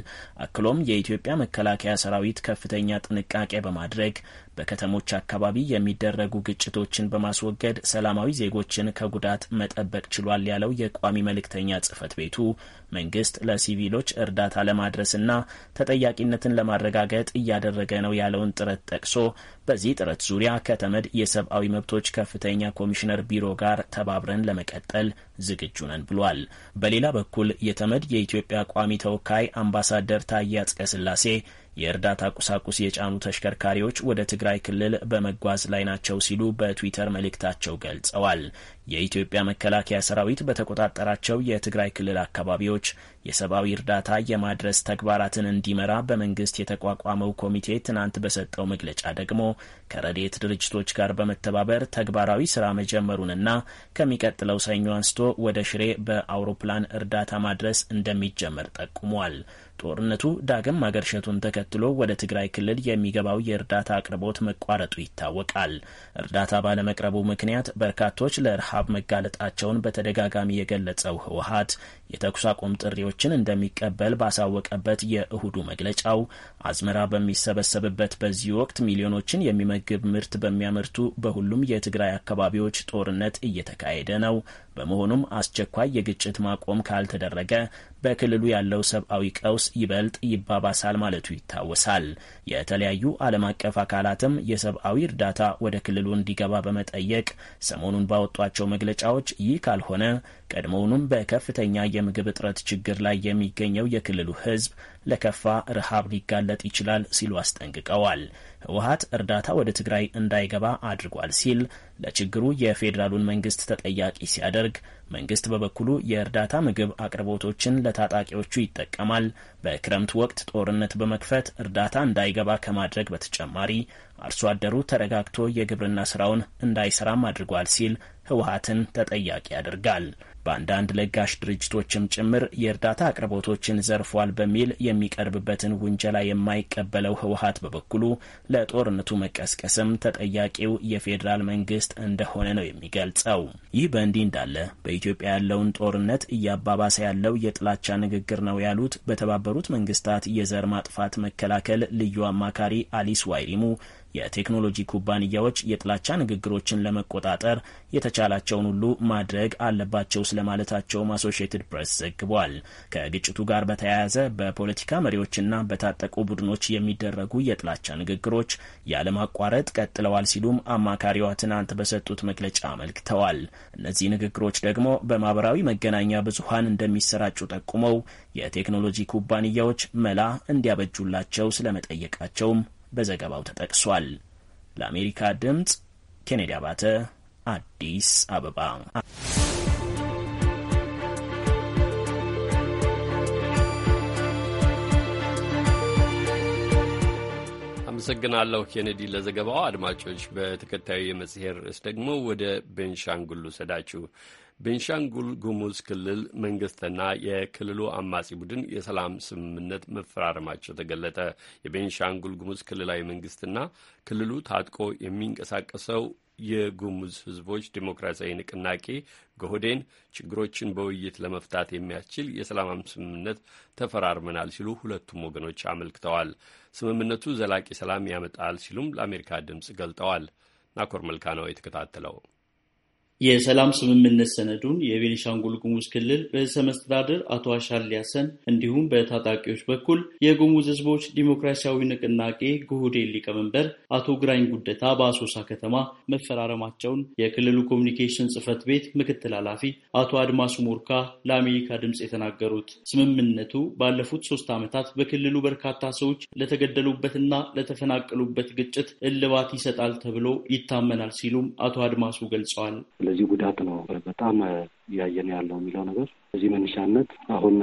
አክሎም የኢትዮጵያ መከላከያ ሰራዊት ከፍተኛ ጥንቃቄ በማድረግ በከተሞች አካባቢ የሚደረጉ ግጭቶችን በማስወገድ ሰላማዊ ዜጎችን ከጉዳት መጠበቅ ችሏል ያለው የቋሚ መልእክተኛ ጽህፈት ቤቱ መንግስት ለሲቪሎች እርዳታ ለማድረስና ተጠያቂነትን ለማረጋገጥ እያደረገ ነው ያለውን ጥረት ጠቅሶ በዚህ ጥረት ዙሪያ ከተመድ የሰብአዊ መብቶች ከፍተኛ ኮሚሽነር ቢሮ ጋር ተባብረን ለመቀጠል ዝግጁ ነን ብሏል። በሌላ በኩል የተመድ የኢትዮጵያ ቋሚ ተወካይ አምባሳደር ታዬ አጽቀ የእርዳታ ቁሳቁስ የጫኑ ተሽከርካሪዎች ወደ ትግራይ ክልል በመጓዝ ላይ ናቸው ሲሉ በትዊተር መልእክታቸው ገልጸዋል። የኢትዮጵያ መከላከያ ሰራዊት በተቆጣጠራቸው የትግራይ ክልል አካባቢዎች የሰብአዊ እርዳታ የማድረስ ተግባራትን እንዲመራ በመንግስት የተቋቋመው ኮሚቴ ትናንት በሰጠው መግለጫ ደግሞ ከረዴት ድርጅቶች ጋር በመተባበር ተግባራዊ ስራ መጀመሩንና ከሚቀጥለው ሰኞ አንስቶ ወደ ሽሬ በአውሮፕላን እርዳታ ማድረስ እንደሚጀመር ጠቁሟል። ጦርነቱ ዳግም ማገርሸቱን ተከትሎ ወደ ትግራይ ክልል የሚገባው የእርዳታ አቅርቦት መቋረጡ ይታወቃል። እርዳታ ባለመቅረቡ ምክንያት በርካቶች ለርሃ መጋለጣቸውን በተደጋጋሚ የገለጸው ህወሀት የተኩስ አቁም ጥሪዎችን እንደሚቀበል ባሳወቀበት የእሁዱ መግለጫው አዝመራ በሚሰበሰብበት በዚህ ወቅት ሚሊዮኖችን የሚመግብ ምርት በሚያመርቱ በሁሉም የትግራይ አካባቢዎች ጦርነት እየተካሄደ ነው። በመሆኑም አስቸኳይ የግጭት ማቆም ካልተደረገ በክልሉ ያለው ሰብአዊ ቀውስ ይበልጥ ይባባሳል ማለቱ ይታወሳል። የተለያዩ ዓለም አቀፍ አካላትም የሰብአዊ እርዳታ ወደ ክልሉ እንዲገባ በመጠየቅ ሰሞኑን ባወጧቸው መግለጫዎች ይህ ካልሆነ ቀድሞውኑም በከፍተኛ የምግብ እጥረት ችግር ላይ የሚገኘው የክልሉ ህዝብ ለከፋ ረሃብ ሊጋለጥ ይችላል ሲሉ አስጠንቅቀዋል። ህወሀት እርዳታ ወደ ትግራይ እንዳይገባ አድርጓል ሲል ለችግሩ የፌዴራሉን መንግስት ተጠያቂ ሲያደርግ መንግስት በበኩሉ የእርዳታ ምግብ አቅርቦቶችን ለታጣቂዎቹ ይጠቀማል፣ በክረምት ወቅት ጦርነት በመክፈት እርዳታ እንዳይገባ ከማድረግ በተጨማሪ አርሶ አደሩ ተረጋግቶ የግብርና ስራውን እንዳይሰራም አድርጓል ሲል ህወሀትን ተጠያቂ ያደርጋል። በአንዳንድ ለጋሽ ድርጅቶችም ጭምር የእርዳታ አቅርቦቶችን ዘርፏል በሚል የሚቀርብበትን ውንጀላ የማይቀበለው ህወሀት በበኩሉ ለጦርነቱ መቀስቀስም ተጠያቂው የፌዴራል መንግስት ውስጥ እንደሆነ ነው የሚገልጸው። ይህ በእንዲህ እንዳለ በኢትዮጵያ ያለውን ጦርነት እያባባሰ ያለው የጥላቻ ንግግር ነው ያሉት በተባበሩት መንግስታት የዘር ማጥፋት መከላከል ልዩ አማካሪ አሊስ ዋይሪሙ የቴክኖሎጂ ኩባንያዎች የጥላቻ ንግግሮችን ለመቆጣጠር የተቻላቸውን ሁሉ ማድረግ አለባቸው ስለማለታቸውም አሶሽትድ ፕሬስ ዘግቧል። ከግጭቱ ጋር በተያያዘ በፖለቲካ መሪዎችና በታጠቁ ቡድኖች የሚደረጉ የጥላቻ ንግግሮች ያለማቋረጥ ቀጥለዋል ሲሉም አማካሪዋ ትናንት በሰጡት መግለጫ አመልክተዋል። እነዚህ ንግግሮች ደግሞ በማህበራዊ መገናኛ ብዙሃን እንደሚሰራጩ ጠቁመው የቴክኖሎጂ ኩባንያዎች መላ እንዲያበጁላቸው ስለመጠየቃቸውም በዘገባው ተጠቅሷል። ለአሜሪካ ድምፅ ኬኔዲ አባተ አዲስ አበባ። አመሰግናለሁ ኬኔዲ ለዘገባው። አድማጮች፣ በተከታዩ የመጽሔር ርዕስ ደግሞ ወደ ቤንሻንጉል ውሰዳችሁ። ቤንሻንጉል ጉሙዝ ክልል መንግስትና የክልሉ አማጺ ቡድን የሰላም ስምምነት መፈራረማቸው ተገለጠ። የቤንሻንጉል ጉሙዝ ክልላዊ መንግስትና ክልሉ ታጥቆ የሚንቀሳቀሰው የጉሙዝ ህዝቦች ዴሞክራሲያዊ ንቅናቄ ጎህዴን ችግሮችን በውይይት ለመፍታት የሚያስችል የሰላም ስምምነት ተፈራርመናል ሲሉ ሁለቱም ወገኖች አመልክተዋል። ስምምነቱ ዘላቂ ሰላም ያመጣል ሲሉም ለአሜሪካ ድምፅ ገልጠዋል። ናኮር መልካ ነው የተከታተለው። የሰላም ስምምነት ሰነዱን የቤኒሻንጉል ጉሙዝ ክልል ርዕሰ መስተዳድር አቶ አሻሊ ያሰን እንዲሁም በታጣቂዎች በኩል የጉሙዝ ሕዝቦች ዲሞክራሲያዊ ንቅናቄ ጉህዴን ሊቀመንበር አቶ ግራኝ ጉደታ በአሶሳ ከተማ መፈራረማቸውን የክልሉ ኮሚኒኬሽን ጽፈት ቤት ምክትል ኃላፊ አቶ አድማሱ ሞርካ ለአሜሪካ ድምፅ የተናገሩት። ስምምነቱ ባለፉት ሶስት ዓመታት በክልሉ በርካታ ሰዎች ለተገደሉበትና ለተፈናቀሉበት ግጭት እልባት ይሰጣል ተብሎ ይታመናል ሲሉም አቶ አድማሱ ገልጸዋል። ስለዚህ ጉዳት ነው በጣም እያየን ያለው የሚለው ነገር በዚህ መነሻነት አሁን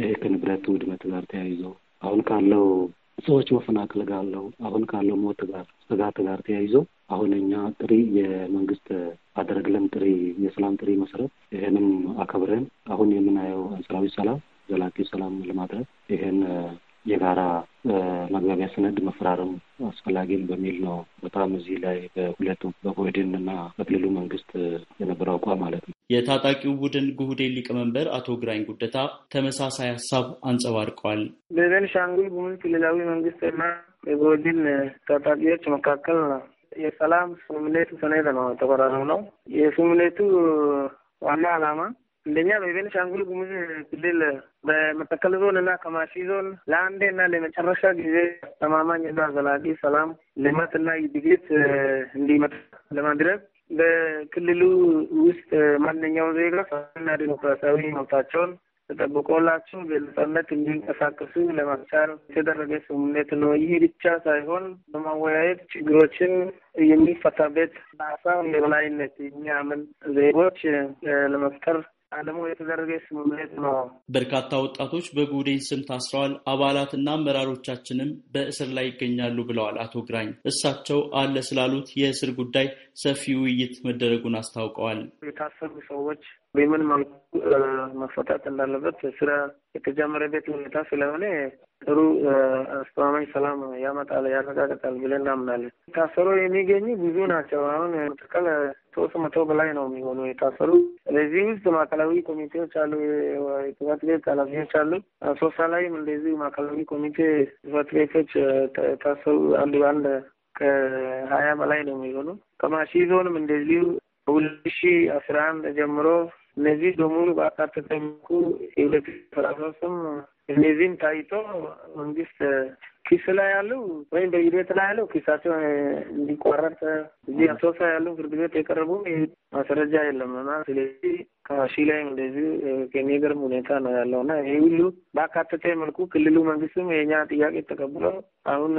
ይሄ ከንብረት ውድመት ጋር ተያይዞ አሁን ካለው ሰዎች መፈናቀል ጋለው አሁን ካለው ሞት ጋር ስጋት ጋር ተያይዞ አሁን እኛ ጥሪ የመንግስት አደረግለን ጥሪ የሰላም ጥሪ መሰረት ይህንም አከብረን አሁን የምናየው አንጻራዊ ሰላም ዘላቂ ሰላም ለማድረግ ይህን የጋራ መግባቢያ ሰነድ መፈራረም አስፈላጊም በሚል ነው። በጣም እዚህ ላይ በሁለቱ በጎድን እና በክልሉ መንግስት የነበረው አቋም ማለት ነው። የታጣቂው ቡድን ጉህዴን ሊቀመንበር አቶ ግራኝ ጉደታ ተመሳሳይ ሀሳብ አንጸባርቀዋል። በቤንሻንጉል ጉሙዝ ክልላዊ መንግስትና የጎድን ታጣቂዎች መካከል የሰላም ስምምነቱ ሰነድ ነው የተፈራረም ነው። የስምምነቱ ዋና ዓላማ አንደኛ በቤንሻንጉል ጉሙዝ ክልል በመተከል ዞን እና ከማሺ ዞን ለአንዴና ለመጨረሻ ጊዜ አስተማማኝ እና ዘላቂ ሰላም፣ ልማት እና እድገት እንዲመጣ ለማድረግ በክልሉ ውስጥ ማንኛውም ዜጋ ሰላምና ዲሞክራሲያዊ መብታቸውን ተጠብቆላችሁ በነጻነት እንዲንቀሳቀሱ ለማስቻል የተደረገ ስምምነት ነው። ይህ ብቻ ሳይሆን በማወያየት ችግሮችን የሚፈታበት በሀሳብ የበላይነት የሚያምን ዜጎች ለመፍጠር አለሙ የተደረገ ስምምነት ነው። በርካታ ወጣቶች በጉዴን ስም ታስረዋል፣ አባላትና አመራሮቻችንም በእስር ላይ ይገኛሉ ብለዋል አቶ ግራኝ። እሳቸው አለ ስላሉት የእስር ጉዳይ ሰፊ ውይይት መደረጉን አስታውቀዋል። የታሰሩ ሰዎች በምን መልኩ መፈታት እንዳለበት ስራ ቤት ሁኔታ ስለሆነ ጥሩ አስተማማኝ ሰላም ያመጣል ያረጋግጣል ብለን እናምናለን። የታሰሩ የሚገኙ ብዙ ናቸው። አሁን ጥቅል ሶስት መቶ በላይ ነው የሚሆኑ የታሰሩ። ስለዚህ ውስጥ ማዕከላዊ ኮሚቴዎች አሉ፣ ጽሕፈት ቤት ኃላፊዎች አሉ። ሶሳ ላይም እንደዚህ ማዕከላዊ ኮሚቴ ጽሕፈት ቤቶች ታሰሩ አንድ በአንድ ከሀያ በላይ ነው የሚሆኑ። ከማሺ ዞንም እንደዚሁ ሁለት ሺ አስራ አንድ ጀምሮ እነዚህ በሙሉ በአካተተ መልኩ የሁለት ሺ ሶስትም እነዚህም ታይቶ መንግስት ኪስ ላይ ያለው ወይም በሂደት ላይ ያለው ኪሳቸው እንዲቋረጥ እዚህ አሶሳ ያለው ፍርድ ቤት የቀረቡ ማስረጃ የለም እና ስለዚህ ከሺ ላይ እንደዚህ የሚገርም ሁኔታ ነው ያለው እና ይህ ሁሉ በአካተተ መልኩ ክልሉ መንግስትም የኛ ጥያቄ ተቀብሎ አሁን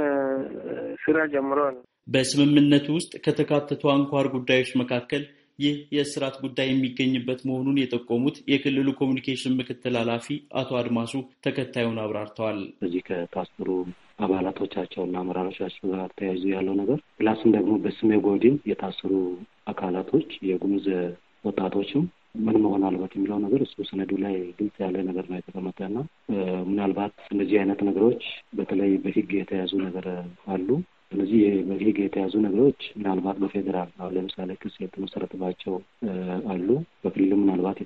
ስራ ጀምረዋል። በስምምነቱ ውስጥ ከተካተቱ አንኳር ጉዳዮች መካከል ይህ የእስራት ጉዳይ የሚገኝበት መሆኑን የጠቆሙት የክልሉ ኮሚኒኬሽን ምክትል ኃላፊ አቶ አድማሱ ተከታዩን አብራርተዋል። እዚህ ከፓስተሩ አባላቶቻቸውና አመራሮቻቸው ጋር ተያይዞ ያለው ነገር ፕላስም ደግሞ በስሜ ጎዲን የታሰሩ አካላቶች የጉምዝ ወጣቶችም ምን መሆን አለበት የሚለው ነገር እሱ ሰነዱ ላይ ግልጽ ያለ ነገር ነው የተቀመጠና ምናልባት እነዚህ አይነት ነገሮች በተለይ በህግ የተያዙ ነገር አሉ። እነዚህ በህግ የተያዙ ነገሮች ምናልባት በፌዴራል አሁን ለምሳሌ ክስ የተመሰረተባቸው አሉ። በክልሉ ምናልባት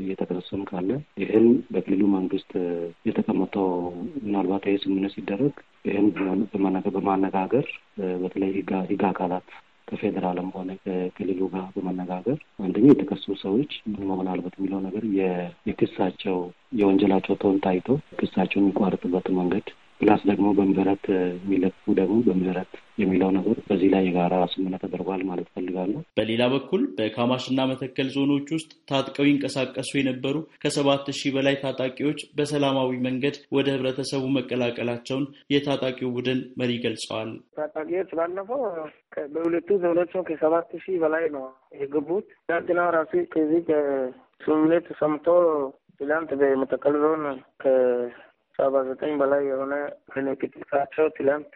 እየተከሰሰም ካለ ይህን በክልሉ መንግስት የተቀመጠው ምናልባት ይህ ስምምነት ሲደረግ ይህን በማነጋገር በተለይ ህግ አካላት ከፌዴራልም ሆነ ከክልሉ ጋር በመነጋገር አንደኛ የተከሱ ሰዎች ምናልባት የሚለው ነገር የክሳቸው የወንጀላቸው ተወንታይቶ ክሳቸውን የሚቋርጥበት መንገድ ፕላስ ደግሞ በምህረት የሚለፉ ደግሞ በምህረት የሚለው ነገር በዚህ ላይ የጋራ ስምምነት ተደርጓል ማለት ፈልጋሉ። በሌላ በኩል በካማሽና መተከል ዞኖች ውስጥ ታጥቀው ይንቀሳቀሱ የነበሩ ከሰባት ሺህ በላይ ታጣቂዎች በሰላማዊ መንገድ ወደ ህብረተሰቡ መቀላቀላቸውን የታጣቂው ቡድን መሪ ገልጸዋል። ታጣቂዎች ባለፈው በሁለቱ ዞኖች ነው ከሰባት ሺህ በላይ ነው የገቡት። ትናንትና ራሱ ከዚህ ከስምምነት ሰምቶ ትላንት በመተከል ዞን ሰባዘጠኝ በላይ የሆነ ክንክትካቸው ትላንት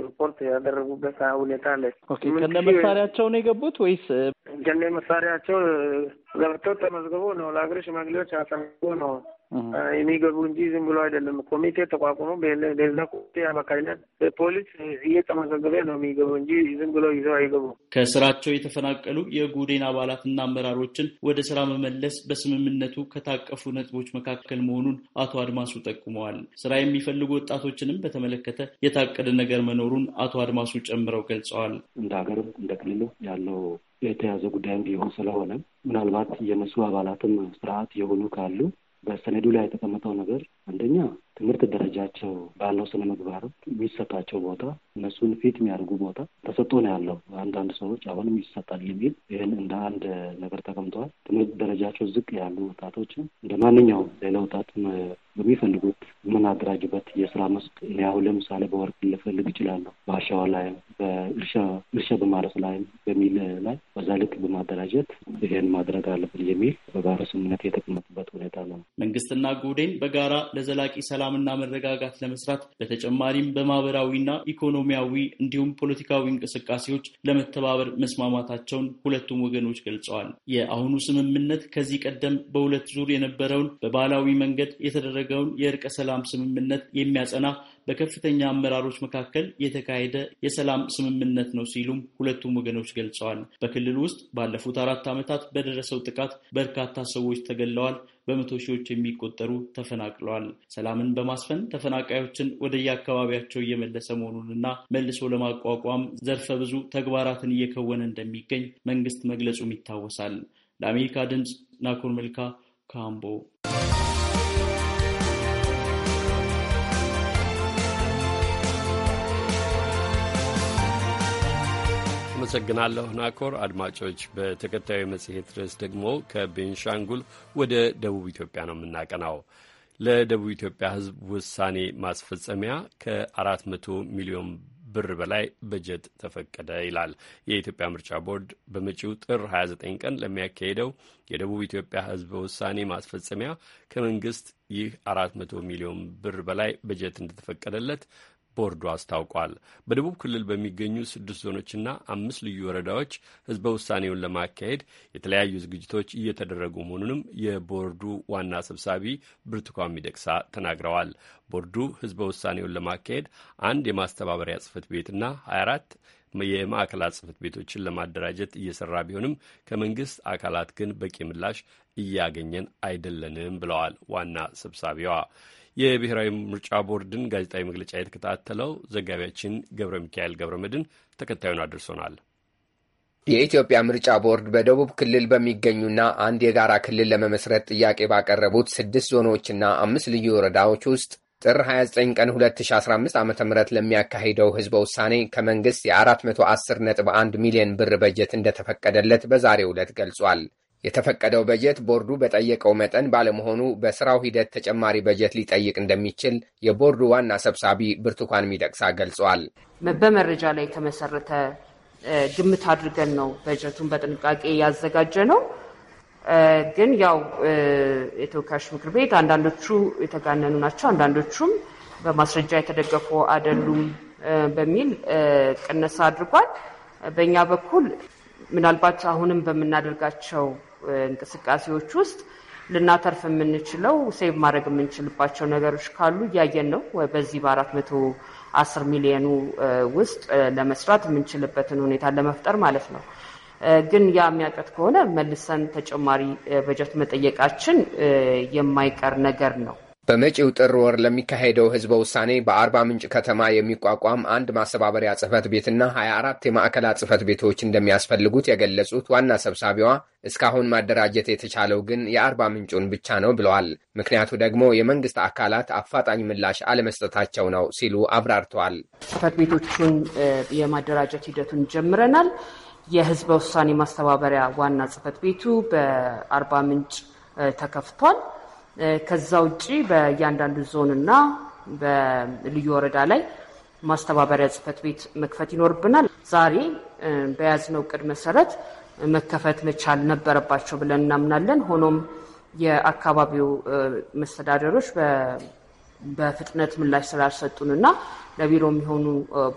ሪፖርት ያደረጉበት ሁኔታ አለ። ከነ መሳሪያቸው ነው የገቡት ወይስ ከነ መሳሪያቸው ገብተው ተመዝግቦ ነው ለሀገር ሽማግሌዎች አሳልፎ ነው የሚገቡ እንጂ ዝም ብሎ አይደለም። ኮሚቴ ተቋቁሞ በዛ ኮሚቴ አማካኝነት ፖሊስ እየተመዘገበ ነው የሚገቡ እንጂ ዝም ብሎ ይዘው አይገቡ። ከስራቸው የተፈናቀሉ የጉዴን አባላትና አመራሮችን ወደ ስራ መመለስ በስምምነቱ ከታቀፉ ነጥቦች መካከል መሆኑን አቶ አድማሱ ጠቁመዋል። ስራ የሚፈልጉ ወጣቶችንም በተመለከተ የታቀደ ነገር መኖሩን አቶ አድማሱ ጨምረው ገልጸዋል። እንደ ሀገርም እንደ ክልሉ ያለው የተያዘ ጉዳይ ቢሆን ስለሆነ ምናልባት የነሱ አባላትም ስርዓት የሆኑ ካሉ በሰነዱ ላይ የተቀመጠው ነገር አንደኛ ትምህርት ደረጃቸው ባለው ስነ ምግባር የሚሰጣቸው ቦታ እነሱን ፊት የሚያደርጉ ቦታ ተሰጥቶ ነው ያለው። አንዳንድ ሰዎች አሁንም ይሰጣል የሚል ይህን እንደ አንድ ነገር ተቀምጠዋል። ትምህርት ደረጃቸው ዝቅ ያሉ ወጣቶችን እንደ ማንኛውም ሌላ ወጣት በሚፈልጉት የምናደራጅበት የስራ መስክ ያው ለምሳሌ በወርቅ ልፈልግ እችላለሁ። በአሻዋ ላይም በእርሻ እርሻ በማረስ ላይም በሚል ላይ በዛ ልክ በማደራጀት ይሄን ማድረግ አለብን የሚል በጋራ ስምምነት የተቀመጡበት ሁኔታ ነው። መንግስትና ጉዴን በጋራ ለዘላቂ ሰላም ሰላምና መረጋጋት ለመስራት በተጨማሪም በማህበራዊና ኢኮኖሚያዊ እንዲሁም ፖለቲካዊ እንቅስቃሴዎች ለመተባበር መስማማታቸውን ሁለቱም ወገኖች ገልጸዋል። የአሁኑ ስምምነት ከዚህ ቀደም በሁለት ዙር የነበረውን በባህላዊ መንገድ የተደረገውን የእርቀ ሰላም ስምምነት የሚያጸና በከፍተኛ አመራሮች መካከል የተካሄደ የሰላም ስምምነት ነው ሲሉም ሁለቱም ወገኖች ገልጸዋል። በክልል ውስጥ ባለፉት አራት ዓመታት በደረሰው ጥቃት በርካታ ሰዎች ተገለዋል። በመቶ ሺዎች የሚቆጠሩ ተፈናቅለዋል። ሰላምን በማስፈን ተፈናቃዮችን ወደየአካባቢያቸው እየመለሰ መሆኑንና መልሶ ለማቋቋም ዘርፈ ብዙ ተግባራትን እየከወነ እንደሚገኝ መንግስት መግለጹም ይታወሳል። ለአሜሪካ ድምፅ ናኮር መልካ ካምቦ አመሰግናለሁ ናኮር። አድማጮች፣ በተከታዩ መጽሔት ርዕስ ደግሞ ከቤንሻንጉል ወደ ደቡብ ኢትዮጵያ ነው የምናቀናው። ለደቡብ ኢትዮጵያ ሕዝብ ውሳኔ ማስፈጸሚያ ከ400 ሚሊዮን ብር በላይ በጀት ተፈቀደ ይላል የኢትዮጵያ ምርጫ ቦርድ በመጪው ጥር 29 ቀን ለሚያካሄደው የደቡብ ኢትዮጵያ ህዝበ ውሳኔ ማስፈጸሚያ ከመንግስት ይህ 400 ሚሊዮን ብር በላይ በጀት እንደተፈቀደለት ቦርዱ አስታውቋል። በደቡብ ክልል በሚገኙ ስድስት ዞኖችና አምስት ልዩ ወረዳዎች ህዝበ ውሳኔውን ለማካሄድ የተለያዩ ዝግጅቶች እየተደረጉ መሆኑንም የቦርዱ ዋና ሰብሳቢ ብርቱካን ሚደቅሳ ተናግረዋል። ቦርዱ ህዝበ ውሳኔውን ለማካሄድ አንድ የማስተባበሪያ ጽህፈት ቤትና 24 የማዕከላት ጽህፈት ቤቶችን ለማደራጀት እየሰራ ቢሆንም ከመንግስት አካላት ግን በቂ ምላሽ እያገኘን አይደለንም ብለዋል ዋና ሰብሳቢዋ የብሔራዊ ምርጫ ቦርድን ጋዜጣዊ መግለጫ የተከታተለው ዘጋቢያችን ገብረ ሚካኤል ገብረ መድን ተከታዩን አድርሶናል። የኢትዮጵያ ምርጫ ቦርድ በደቡብ ክልል በሚገኙና አንድ የጋራ ክልል ለመመስረት ጥያቄ ባቀረቡት ስድስት ዞኖችና አምስት ልዩ ወረዳዎች ውስጥ ጥር 29 ቀን 2015 ዓ ም ለሚያካሂደው ህዝበ ውሳኔ ከመንግሥት የ410.1 ሚሊዮን ብር በጀት እንደተፈቀደለት በዛሬው ዕለት ገልጿል። የተፈቀደው በጀት ቦርዱ በጠየቀው መጠን ባለመሆኑ በስራው ሂደት ተጨማሪ በጀት ሊጠይቅ እንደሚችል የቦርዱ ዋና ሰብሳቢ ብርቱካን ሚደቅሳ ገልጿል። በመረጃ ላይ የተመሰረተ ግምት አድርገን ነው በጀቱን በጥንቃቄ ያዘጋጀ ነው። ግን ያው የተወካዮች ምክር ቤት አንዳንዶቹ የተጋነኑ ናቸው፣ አንዳንዶቹም በማስረጃ የተደገፉ አይደሉም በሚል ቅነሳ አድርጓል። በእኛ በኩል ምናልባት አሁንም በምናደርጋቸው እንቅስቃሴዎች ውስጥ ልናተርፍ የምንችለው ሴቭ ማድረግ የምንችልባቸው ነገሮች ካሉ እያየን ነው። በዚህ በአራት መቶ አስር ሚሊዮኑ ውስጥ ለመስራት የምንችልበትን ሁኔታ ለመፍጠር ማለት ነው። ግን ያ የሚያቀት ከሆነ መልሰን ተጨማሪ በጀት መጠየቃችን የማይቀር ነገር ነው። በመጪው ጥር ወር ለሚካሄደው ህዝበ ውሳኔ በአርባ ምንጭ ከተማ የሚቋቋም አንድ ማስተባበሪያ ጽህፈት ቤትና 24 የማዕከላት ጽህፈት ቤቶች እንደሚያስፈልጉት የገለጹት ዋና ሰብሳቢዋ እስካሁን ማደራጀት የተቻለው ግን የአርባ ምንጩን ብቻ ነው ብለዋል። ምክንያቱ ደግሞ የመንግስት አካላት አፋጣኝ ምላሽ አለመስጠታቸው ነው ሲሉ አብራርተዋል። ጽህፈት ቤቶቹን የማደራጀት ሂደቱን ጀምረናል። የህዝበ ውሳኔ ማስተባበሪያ ዋና ጽህፈት ቤቱ በአርባ ምንጭ ተከፍቷል። ከዛ ውጪ በእያንዳንዱ ዞንና በልዩ ወረዳ ላይ ማስተባበሪያ ጽህፈት ቤት መክፈት ይኖርብናል። ዛሬ በያዝነው ቅድ መሰረት መከፈት መቻል ነበረባቸው ብለን እናምናለን። ሆኖም የአካባቢው መስተዳደሮች በፍጥነት ምላሽ ስላልሰጡንና ለቢሮ የሚሆኑ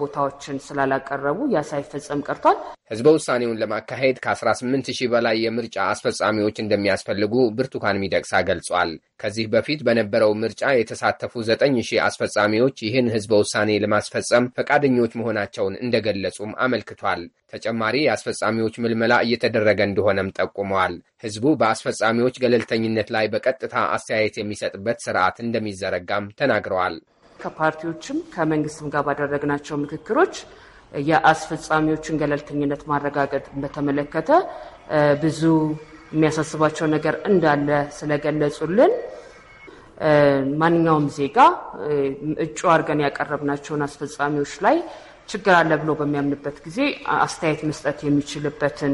ቦታዎችን ስላላቀረቡ ያ ሳይፈጸም ቀርቷል። ህዝበ ውሳኔውን ለማካሄድ ከ18 ሺህ በላይ የምርጫ አስፈጻሚዎች እንደሚያስፈልጉ ብርቱካን ሚደቅሳ ገልጿል። ከዚህ በፊት በነበረው ምርጫ የተሳተፉ 9 ሺህ አስፈጻሚዎች ይህን ህዝበ ውሳኔ ለማስፈጸም ፈቃደኞች መሆናቸውን እንደገለጹም አመልክቷል። ተጨማሪ የአስፈጻሚዎች ምልመላ እየተደረገ እንደሆነም ጠቁመዋል። ህዝቡ በአስፈጻሚዎች ገለልተኝነት ላይ በቀጥታ አስተያየት የሚሰጥበት ስርዓት እንደሚዘረጋም ተናግረዋል። ከፓርቲዎችም ከመንግስትም ጋር ባደረግናቸው ምክክሮች የአስፈጻሚዎችን ገለልተኝነት ማረጋገጥ በተመለከተ ብዙ የሚያሳስባቸው ነገር እንዳለ ስለገለጹልን ማንኛውም ዜጋ እጩ አድርገን ያቀረብናቸውን አስፈጻሚዎች ላይ ችግር አለ ብሎ በሚያምንበት ጊዜ አስተያየት መስጠት የሚችልበትን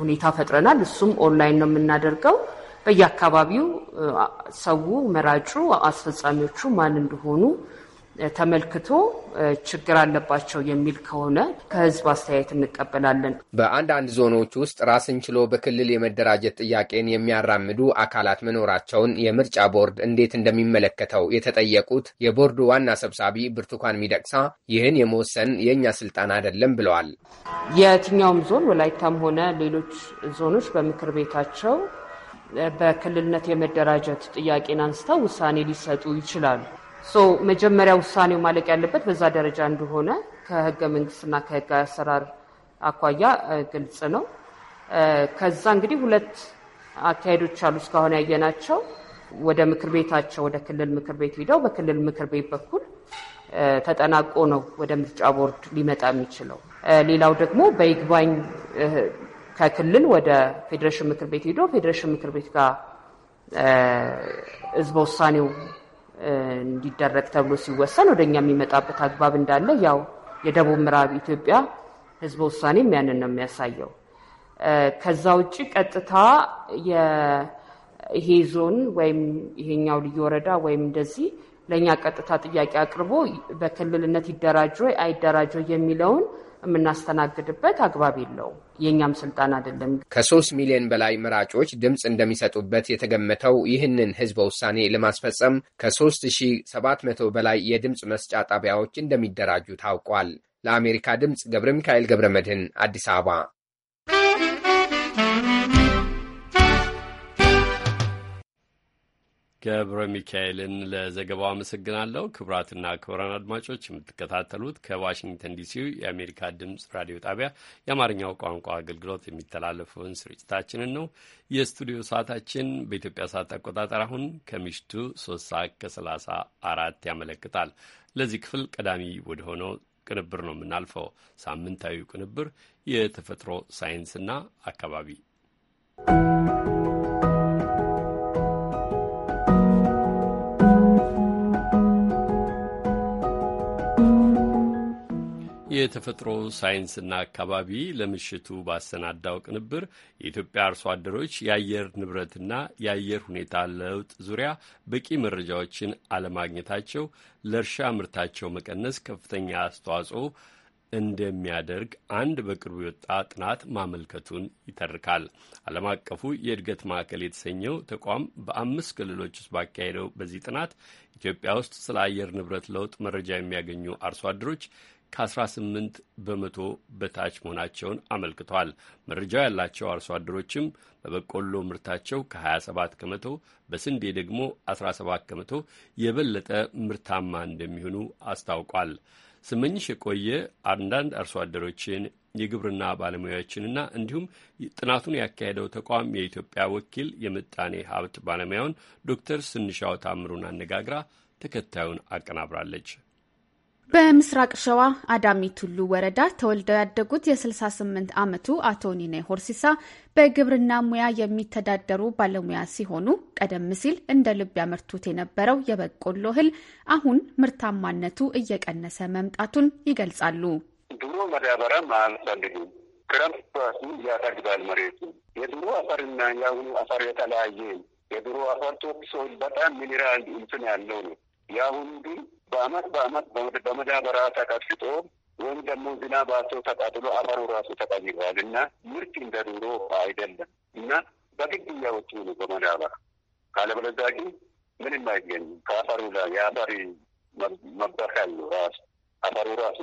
ሁኔታ ፈጥረናል። እሱም ኦንላይን ነው የምናደርገው። በየአካባቢው ሰው መራጩ፣ አስፈጻሚዎቹ ማን እንደሆኑ ተመልክቶ ችግር አለባቸው የሚል ከሆነ ከህዝብ አስተያየት እንቀበላለን። በአንዳንድ ዞኖች ውስጥ ራስን ችሎ በክልል የመደራጀት ጥያቄን የሚያራምዱ አካላት መኖራቸውን የምርጫ ቦርድ እንዴት እንደሚመለከተው የተጠየቁት የቦርዱ ዋና ሰብሳቢ ብርቱካን ሚደቅሳ ይህን የመወሰን የእኛ ስልጣን አይደለም ብለዋል። የትኛውም ዞን ወላይታም ሆነ ሌሎች ዞኖች በምክር ቤታቸው በክልልነት የመደራጀት ጥያቄን አንስተው ውሳኔ ሊሰጡ ይችላሉ። ሶ መጀመሪያ ውሳኔው ማለቅ ያለበት በዛ ደረጃ እንደሆነ ከህገ መንግስትና ከህግ አሰራር አኳያ ግልጽ ነው። ከዛ እንግዲህ ሁለት አካሄዶች አሉ እስካሁን ያየናቸው። ወደ ምክር ቤታቸው ወደ ክልል ምክር ቤት ሄደው በክልል ምክር ቤት በኩል ተጠናቆ ነው ወደ ምርጫ ቦርድ ሊመጣ የሚችለው። ሌላው ደግሞ በይግባኝ ከክልል ወደ ፌዴሬሽን ምክር ቤት ሄዶ ፌዴሬሽን ምክር ቤት ጋር ህዝበ ውሳኔው እንዲደረግ ተብሎ ሲወሰን ወደ እኛ የሚመጣበት አግባብ እንዳለ ያው የደቡብ ምዕራብ ኢትዮጵያ ህዝበ ውሳኔም ያንን ነው የሚያሳየው። ከዛ ውጭ ቀጥታ ይሄ ዞን ወይም ይሄኛው ልዩ ወረዳ ወይም እንደዚህ ለእኛ ቀጥታ ጥያቄ አቅርቦ በክልልነት ይደራጅ ወይ አይደራጅ የሚለውን የምናስተናግድበት አግባብ የለውም። የእኛም ስልጣን አይደለም። ከሶስት ሚሊዮን በላይ መራጮች ድምፅ እንደሚሰጡበት የተገመተው ይህንን ህዝበ ውሳኔ ለማስፈጸም ከ ሺ ሰባት በላይ የድምፅ መስጫ ጣቢያዎች እንደሚደራጁ ታውቋል። ለአሜሪካ ድምፅ ገብረ ሚካኤል ገብረ መድህን አዲስ አበባ ገብረ ሚካኤልን ለዘገባው አመሰግናለሁ። ክቡራትና ክቡራን አድማጮች የምትከታተሉት ከዋሽንግተን ዲሲ የአሜሪካ ድምፅ ራዲዮ ጣቢያ የአማርኛው ቋንቋ አገልግሎት የሚተላለፈውን ስርጭታችንን ነው። የስቱዲዮ ሰዓታችን በኢትዮጵያ ሰዓት አቆጣጠር አሁን ከምሽቱ ሶስት ሰዓት ከሰላሳ አራት ያመለክታል። ለዚህ ክፍል ቀዳሚ ወደሆነው ቅንብር ነው የምናልፈው። ሳምንታዊ ቅንብር የተፈጥሮ ሳይንስና አካባቢ የተፈጥሮ ሳይንስና አካባቢ ለምሽቱ ባሰናዳው ቅንብር የኢትዮጵያ አርሶ አደሮች የአየር ንብረትና የአየር ሁኔታ ለውጥ ዙሪያ በቂ መረጃዎችን አለማግኘታቸው ለእርሻ ምርታቸው መቀነስ ከፍተኛ አስተዋጽኦ እንደሚያደርግ አንድ በቅርቡ የወጣ ጥናት ማመልከቱን ይተርካል። ዓለም አቀፉ የእድገት ማዕከል የተሰኘው ተቋም በአምስት ክልሎች ውስጥ ባካሄደው በዚህ ጥናት ኢትዮጵያ ውስጥ ስለ አየር ንብረት ለውጥ መረጃ የሚያገኙ አርሶ አደሮች ከ18 በመቶ በታች መሆናቸውን አመልክቷል። መረጃው ያላቸው አርሶ አደሮችም በበቆሎ ምርታቸው ከ27 ከመቶ በስንዴ ደግሞ 17 ከመቶ የበለጠ ምርታማ እንደሚሆኑ አስታውቋል። ስመኝሽ የቆየ አንዳንድ አርሶ አደሮችን የግብርና ባለሙያዎችንና እንዲሁም ጥናቱን ያካሄደው ተቋም የኢትዮጵያ ወኪል የምጣኔ ሀብት ባለሙያውን ዶክተር ስንሻው ታምሩን አነጋግራ ተከታዩን አቀናብራለች። በምስራቅ ሸዋ አዳሚ ቱሉ ወረዳ ተወልደው ያደጉት የ68 ዓመቱ አቶ ኒኔ ሆርሲሳ በግብርና ሙያ የሚተዳደሩ ባለሙያ ሲሆኑ ቀደም ሲል እንደ ልብ ያመርቱት የነበረው የበቆሎ እህል አሁን ምርታማነቱ እየቀነሰ መምጣቱን ይገልጻሉ። ድሮ መዳበሪያም አልፈልግም፣ ክረምት ራሱ መሬቱ። የድሮ አፈርና የአሁኑ አፈር የተለያየ የድሮ አፈር ቶክሶ በጣም ሚኒራል እንትን ያለው ነው የአሁኑ ግን በአመት በአመት በመዳበራ ተቀጥቅጦ ወይም ደግሞ ዝናብ አቶ ተቃጥሎ አፈሩ ራሱ ተቀይሯል እና ምርት እንደ ዱሮ አይደለም እና በግድ እያወጡ ነው በመዳበራ ካለበለዚያ ግን ምንም አይገኝም። ከአፈሩ ላይ የአፈር መበከል ራሱ አፈሩ ራሱ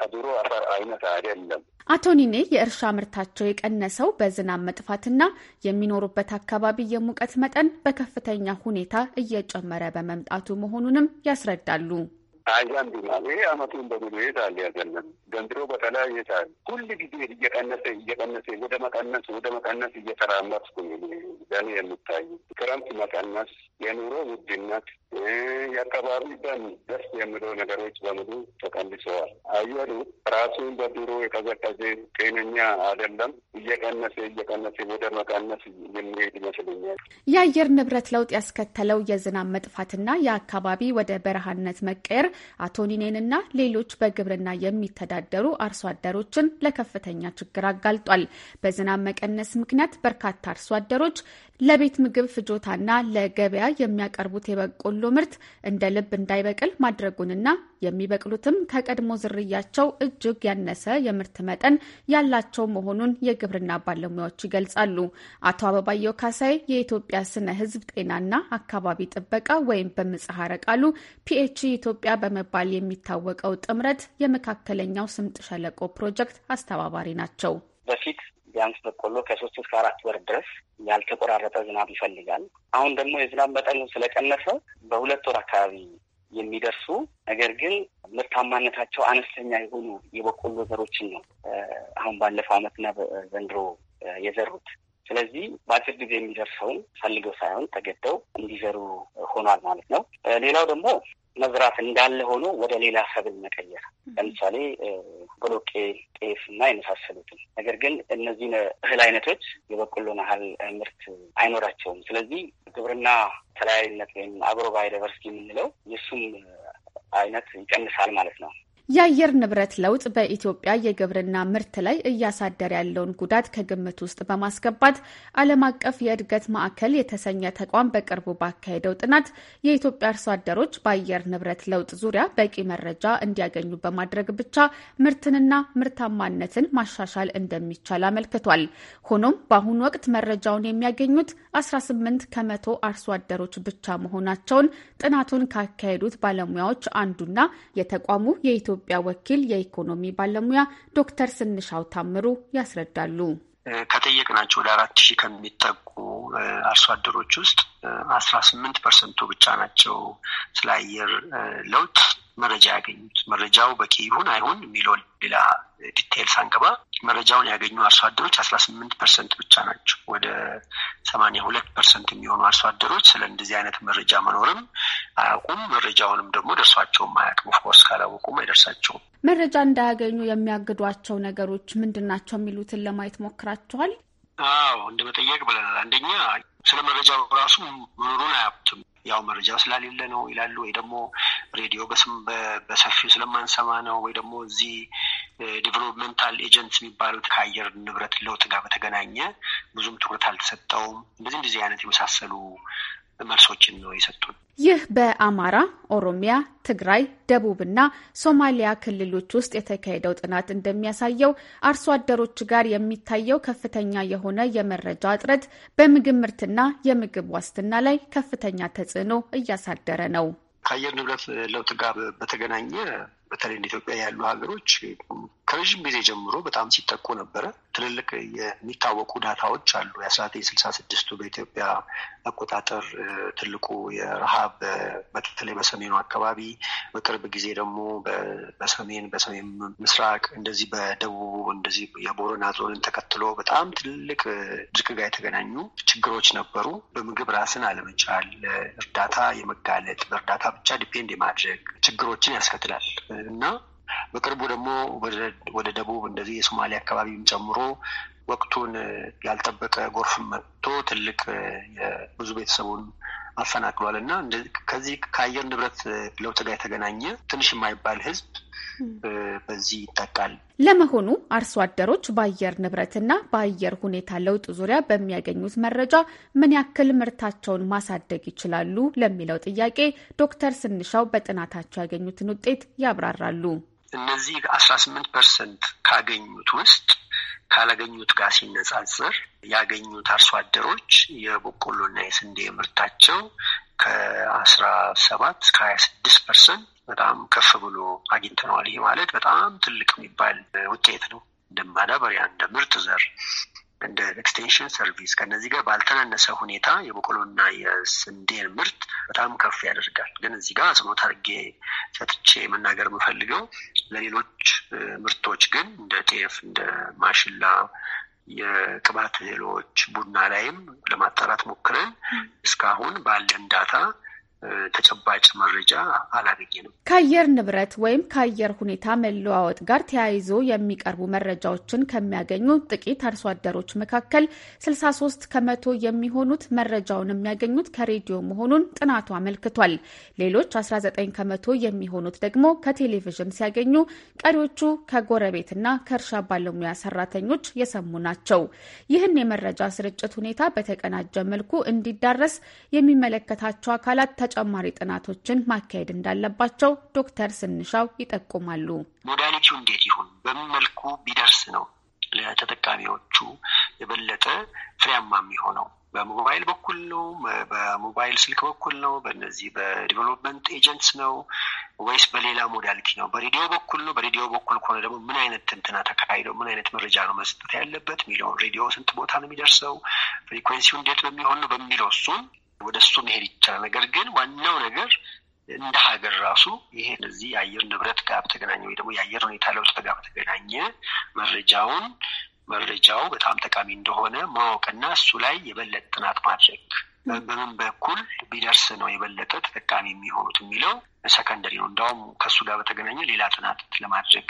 ከድሮ አፈር አይነት አይደለም። አቶ ኒኔ የእርሻ ምርታቸው የቀነሰው በዝናብ መጥፋትና የሚኖሩበት አካባቢ የሙቀት መጠን በከፍተኛ ሁኔታ እየጨመረ በመምጣቱ መሆኑንም ያስረዳሉ። አንድ ይላል። ይሄ አመቱን በሙሉ ይሄዳል። ያገለም ዘንድሮ በተለያየ ይሄዳል። ሁል ጊዜ እየቀነሰ እየቀነሰ ወደ መቀነስ ወደ መቀነስ እየተራመድኩ ዘን የሚታይ ክረምት መቀነስ፣ የኑሮ ውድነት፣ የአካባቢ ደን ደስ የሚለው ነገሮች በሙሉ ተቀንሰዋል። አየሩ ራሱን በድሮ የቀዘቀዘ ጤነኛ አይደለም። እየቀነሰ እየቀነሰ ወደ መቀነስ የሚሄድ ይመስለኛል። የአየር ንብረት ለውጥ ያስከተለው የዝናብ መጥፋትና የአካባቢ ወደ በረሃነት መቀየር አቶ ኒኔንና ሌሎች በግብርና የሚተዳደሩ አርሶ አደሮችን ለከፍተኛ ችግር አጋልጧል። በዝናብ መቀነስ ምክንያት በርካታ አርሶ አደሮች ለቤት ምግብ ፍጆታና ለገበያ የሚያቀርቡት የበቆሎ ምርት እንደ ልብ እንዳይበቅል ማድረጉንና የሚበቅሉትም ከቀድሞ ዝርያቸው እጅግ ያነሰ የምርት መጠን ያላቸው መሆኑን የግብርና ባለሙያዎች ይገልጻሉ። አቶ አበባየው ካሳይ የኢትዮጵያ ስነ ሕዝብ ጤናና አካባቢ ጥበቃ ወይም በምህጻረ ቃሉ ፒኤች ኢትዮጵያ በመባል የሚታወቀው ጥምረት የመካከለኛው ስምጥ ሸለቆ ፕሮጀክት አስተባባሪ ናቸው። በፊት ቢያንስ በቆሎ ከሶስት እስከ አራት ወር ድረስ ያልተቆራረጠ ዝናብ ይፈልጋል። አሁን ደግሞ የዝናብ መጠኑ ስለቀነሰ በሁለት ወር አካባቢ የሚደርሱ ነገር ግን ምርታማነታቸው አነስተኛ የሆኑ የበቆሎ ዘሮችን ነው አሁን ባለፈው ዓመትና ዘንድሮ የዘሩት። ስለዚህ በአጭር ጊዜ የሚደርሰውን ፈልገው ሳይሆን ተገደው እንዲዘሩ ሆኗል ማለት ነው። ሌላው ደግሞ መዝራት እንዳለ ሆኖ ወደ ሌላ ሰብል መቀየር ለምሳሌ ቦሎቄ፣ ጤፍ እና የመሳሰሉትን። ነገር ግን እነዚህ እህል አይነቶች የበቆሎን ያህል ምርት አይኖራቸውም። ስለዚህ ግብርና ተለያዩነት ወይም አግሮ ባዮዳይቨርሲቲ የምንለው የሱም አይነት ይቀንሳል ማለት ነው። የአየር ንብረት ለውጥ በኢትዮጵያ የግብርና ምርት ላይ እያሳደረ ያለውን ጉዳት ከግምት ውስጥ በማስገባት ዓለም አቀፍ የእድገት ማዕከል የተሰኘ ተቋም በቅርቡ ባካሄደው ጥናት የኢትዮጵያ አርሶ አደሮች በአየር ንብረት ለውጥ ዙሪያ በቂ መረጃ እንዲያገኙ በማድረግ ብቻ ምርትንና ምርታማነትን ማሻሻል እንደሚቻል አመልክቷል። ሆኖም በአሁኑ ወቅት መረጃውን የሚያገኙት 18 ከመቶ አርሶ አደሮች ብቻ መሆናቸውን ጥናቱን ካካሄዱት ባለሙያዎች አንዱና የተቋሙ የኢትዮ የኢትዮጵያ ወኪል የኢኮኖሚ ባለሙያ ዶክተር ስንሻው ታምሩ ያስረዳሉ። ከጠየቅናቸው ወደ አራት ሺህ ከሚጠጉ አርሶ አደሮች ውስጥ አስራ ስምንት ፐርሰንቱ ብቻ ናቸው ስለ አየር ለውጥ መረጃ ያገኙት። መረጃው በቂ ይሁን አይሁን የሚለውን ሌላ ዲቴይል ሳንገባ መረጃውን ያገኙ አርሶ አደሮች አስራ ስምንት ፐርሰንት ብቻ ናቸው። ወደ ሰማንያ ሁለት ፐርሰንት የሚሆኑ አርሶ አደሮች ስለ እንደዚህ አይነት መረጃ መኖርም አያውቁም። መረጃውንም ደግሞ ደርሷቸውም አያውቅም። ኦፍኮርስ ካላወቁም አይደርሳቸውም። መረጃ እንዳያገኙ የሚያግዷቸው ነገሮች ምንድን ናቸው የሚሉትን ለማየት ሞክራቸዋል? አዎ እንደመጠየቅ ብለናል። አንደኛ ስለ መረጃው ራሱ መኖሩን አያውቁትም። ያው መረጃው ስላሌለ ነው ይላሉ፣ ወይ ደግሞ ሬዲዮ በስም በሰፊው ስለማንሰማ ነው፣ ወይ ደግሞ እዚህ ዴቨሎፕመንታል ኤጀንት የሚባሉት ከአየር ንብረት ለውጥ ጋር በተገናኘ ብዙም ትኩረት አልተሰጠውም። እንደዚህ እንደዚህ አይነት የመሳሰሉ መልሶችን ነው የሰጡን። ይህ በአማራ፣ ኦሮሚያ፣ ትግራይ፣ ደቡብና ሶማሊያ ክልሎች ውስጥ የተካሄደው ጥናት እንደሚያሳየው አርሶ አደሮች ጋር የሚታየው ከፍተኛ የሆነ የመረጃ እጥረት በምግብ ምርትና የምግብ ዋስትና ላይ ከፍተኛ ተጽዕኖ እያሳደረ ነው። ከአየር ንብረት ለውጥ ጋር በተገናኘ በተለይ እንደ ኢትዮጵያ ያሉ ሀገሮች ከረዥም ጊዜ ጀምሮ በጣም ሲጠቁ ነበረ። ትልልቅ የሚታወቁ ዳታዎች አሉ። የአስራ ዘጠኝ ስልሳ ስድስቱ በኢትዮጵያ አቆጣጠር ትልቁ የረሃብ በተለይ በሰሜኑ አካባቢ፣ በቅርብ ጊዜ ደግሞ በሰሜን በሰሜን ምስራቅ እንደዚህ በደቡቡ እንደዚህ የቦረና ዞንን ተከትሎ በጣም ትልልቅ ድርቅ ጋር የተገናኙ ችግሮች ነበሩ። በምግብ ራስን አለመቻል፣ እርዳታ የመጋለጥ በእርዳታ ብቻ ዲፔንድ የማድረግ ችግሮችን ያስከትላል። እና በቅርቡ ደግሞ ወደ ደቡብ እንደዚህ የሶማሊያ አካባቢም ጨምሮ ወቅቱን ያልጠበቀ ጎርፍ መጥቶ ትልቅ ብዙ ቤተሰቡን አፈናቅሏል እና ከዚህ ከአየር ንብረት ለውጥ ጋር የተገናኘ ትንሽ የማይባል ህዝብ በዚህ ይጠቃል። ለመሆኑ አርሶ አደሮች በአየር ንብረትና በአየር ሁኔታ ለውጥ ዙሪያ በሚያገኙት መረጃ ምን ያክል ምርታቸውን ማሳደግ ይችላሉ ለሚለው ጥያቄ ዶክተር ስንሻው በጥናታቸው ያገኙትን ውጤት ያብራራሉ። እነዚህ አስራ ስምንት ፐርሰንት ካገኙት ውስጥ ካላገኙት ጋር ሲነጻጽር ያገኙት አርሶ አደሮች የበቆሎና የስንዴ ምርታቸው ከአስራ ሰባት እስከ ሀያ ስድስት ፐርሰንት በጣም ከፍ ብሎ አግኝተነዋል። ይሄ ማለት በጣም ትልቅ የሚባል ውጤት ነው። እንደ ማዳበሪያ፣ እንደ ምርጥ ዘር እንደ ኤክስቴንሽን ሰርቪስ ከነዚህ ጋር ባልተናነሰ ሁኔታ የበቆሎና የስንዴን ምርት በጣም ከፍ ያደርጋል። ግን እዚህ ጋር አጽንኦት አድርጌ ሰጥቼ መናገር የምፈልገው ለሌሎች ምርቶች ግን እንደ ጤፍ፣ እንደ ማሽላ የቅባት እህሎች ቡና ላይም ለማጣራት ሞክረን እስካሁን ባለን ዳታ ተጨባጭ መረጃ አላገኘንም። ከአየር ንብረት ወይም ከአየር ሁኔታ መለዋወጥ ጋር ተያይዞ የሚቀርቡ መረጃዎችን ከሚያገኙ ጥቂት አርሶ አደሮች መካከል 63 ከመቶ የሚሆኑት መረጃውን የሚያገኙት ከሬዲዮ መሆኑን ጥናቱ አመልክቷል። ሌሎች 19 ከመቶ የሚሆኑት ደግሞ ከቴሌቪዥን ሲያገኙ፣ ቀሪዎቹ ከጎረቤትና ከእርሻ ባለሙያ ሰራተኞች የሰሙ ናቸው። ይህን የመረጃ ስርጭት ሁኔታ በተቀናጀ መልኩ እንዲዳረስ የሚመለከታቸው አካላት ተጨማሪ ጥናቶችን ማካሄድ እንዳለባቸው ዶክተር ስንሻው ይጠቁማሉ። ሞዳሊቲው እንዴት ይሁን፣ በምን መልኩ ቢደርስ ነው ለተጠቃሚዎቹ የበለጠ ፍሬያማ የሚሆነው? በሞባይል በኩል ነው? በሞባይል ስልክ በኩል ነው? በነዚህ በዲቨሎፕመንት ኤጀንትስ ነው ወይስ በሌላ ሞዳሊቲ ነው? በሬዲዮ በኩል ነው? በሬዲዮ በኩል ከሆነ ደግሞ ምን አይነት ትንትና ተካሂደው ምን አይነት መረጃ ነው መስጠት ያለበት የሚለውን ሬዲዮ ስንት ቦታ ነው የሚደርሰው፣ ፍሪኩዌንሲው እንዴት በሚሆን ነው በሚለው እሱን ወደ እሱ መሄድ ይቻላል። ነገር ግን ዋናው ነገር እንደ ሀገር ራሱ ይሄ እዚህ የአየር ንብረት ጋር በተገናኘ ወይ ደግሞ የአየር ሁኔታ ለውጥ ጋር በተገናኘ መረጃውን መረጃው በጣም ጠቃሚ እንደሆነ ማወቅና እሱ ላይ የበለጠ ጥናት ማድረግ በምን በኩል ቢደርስ ነው የበለጠ ተጠቃሚ የሚሆኑት የሚለው ሰከንደሪ ነው። እንዲያውም ከእሱ ጋር በተገናኘ ሌላ ጥናት ለማድረግ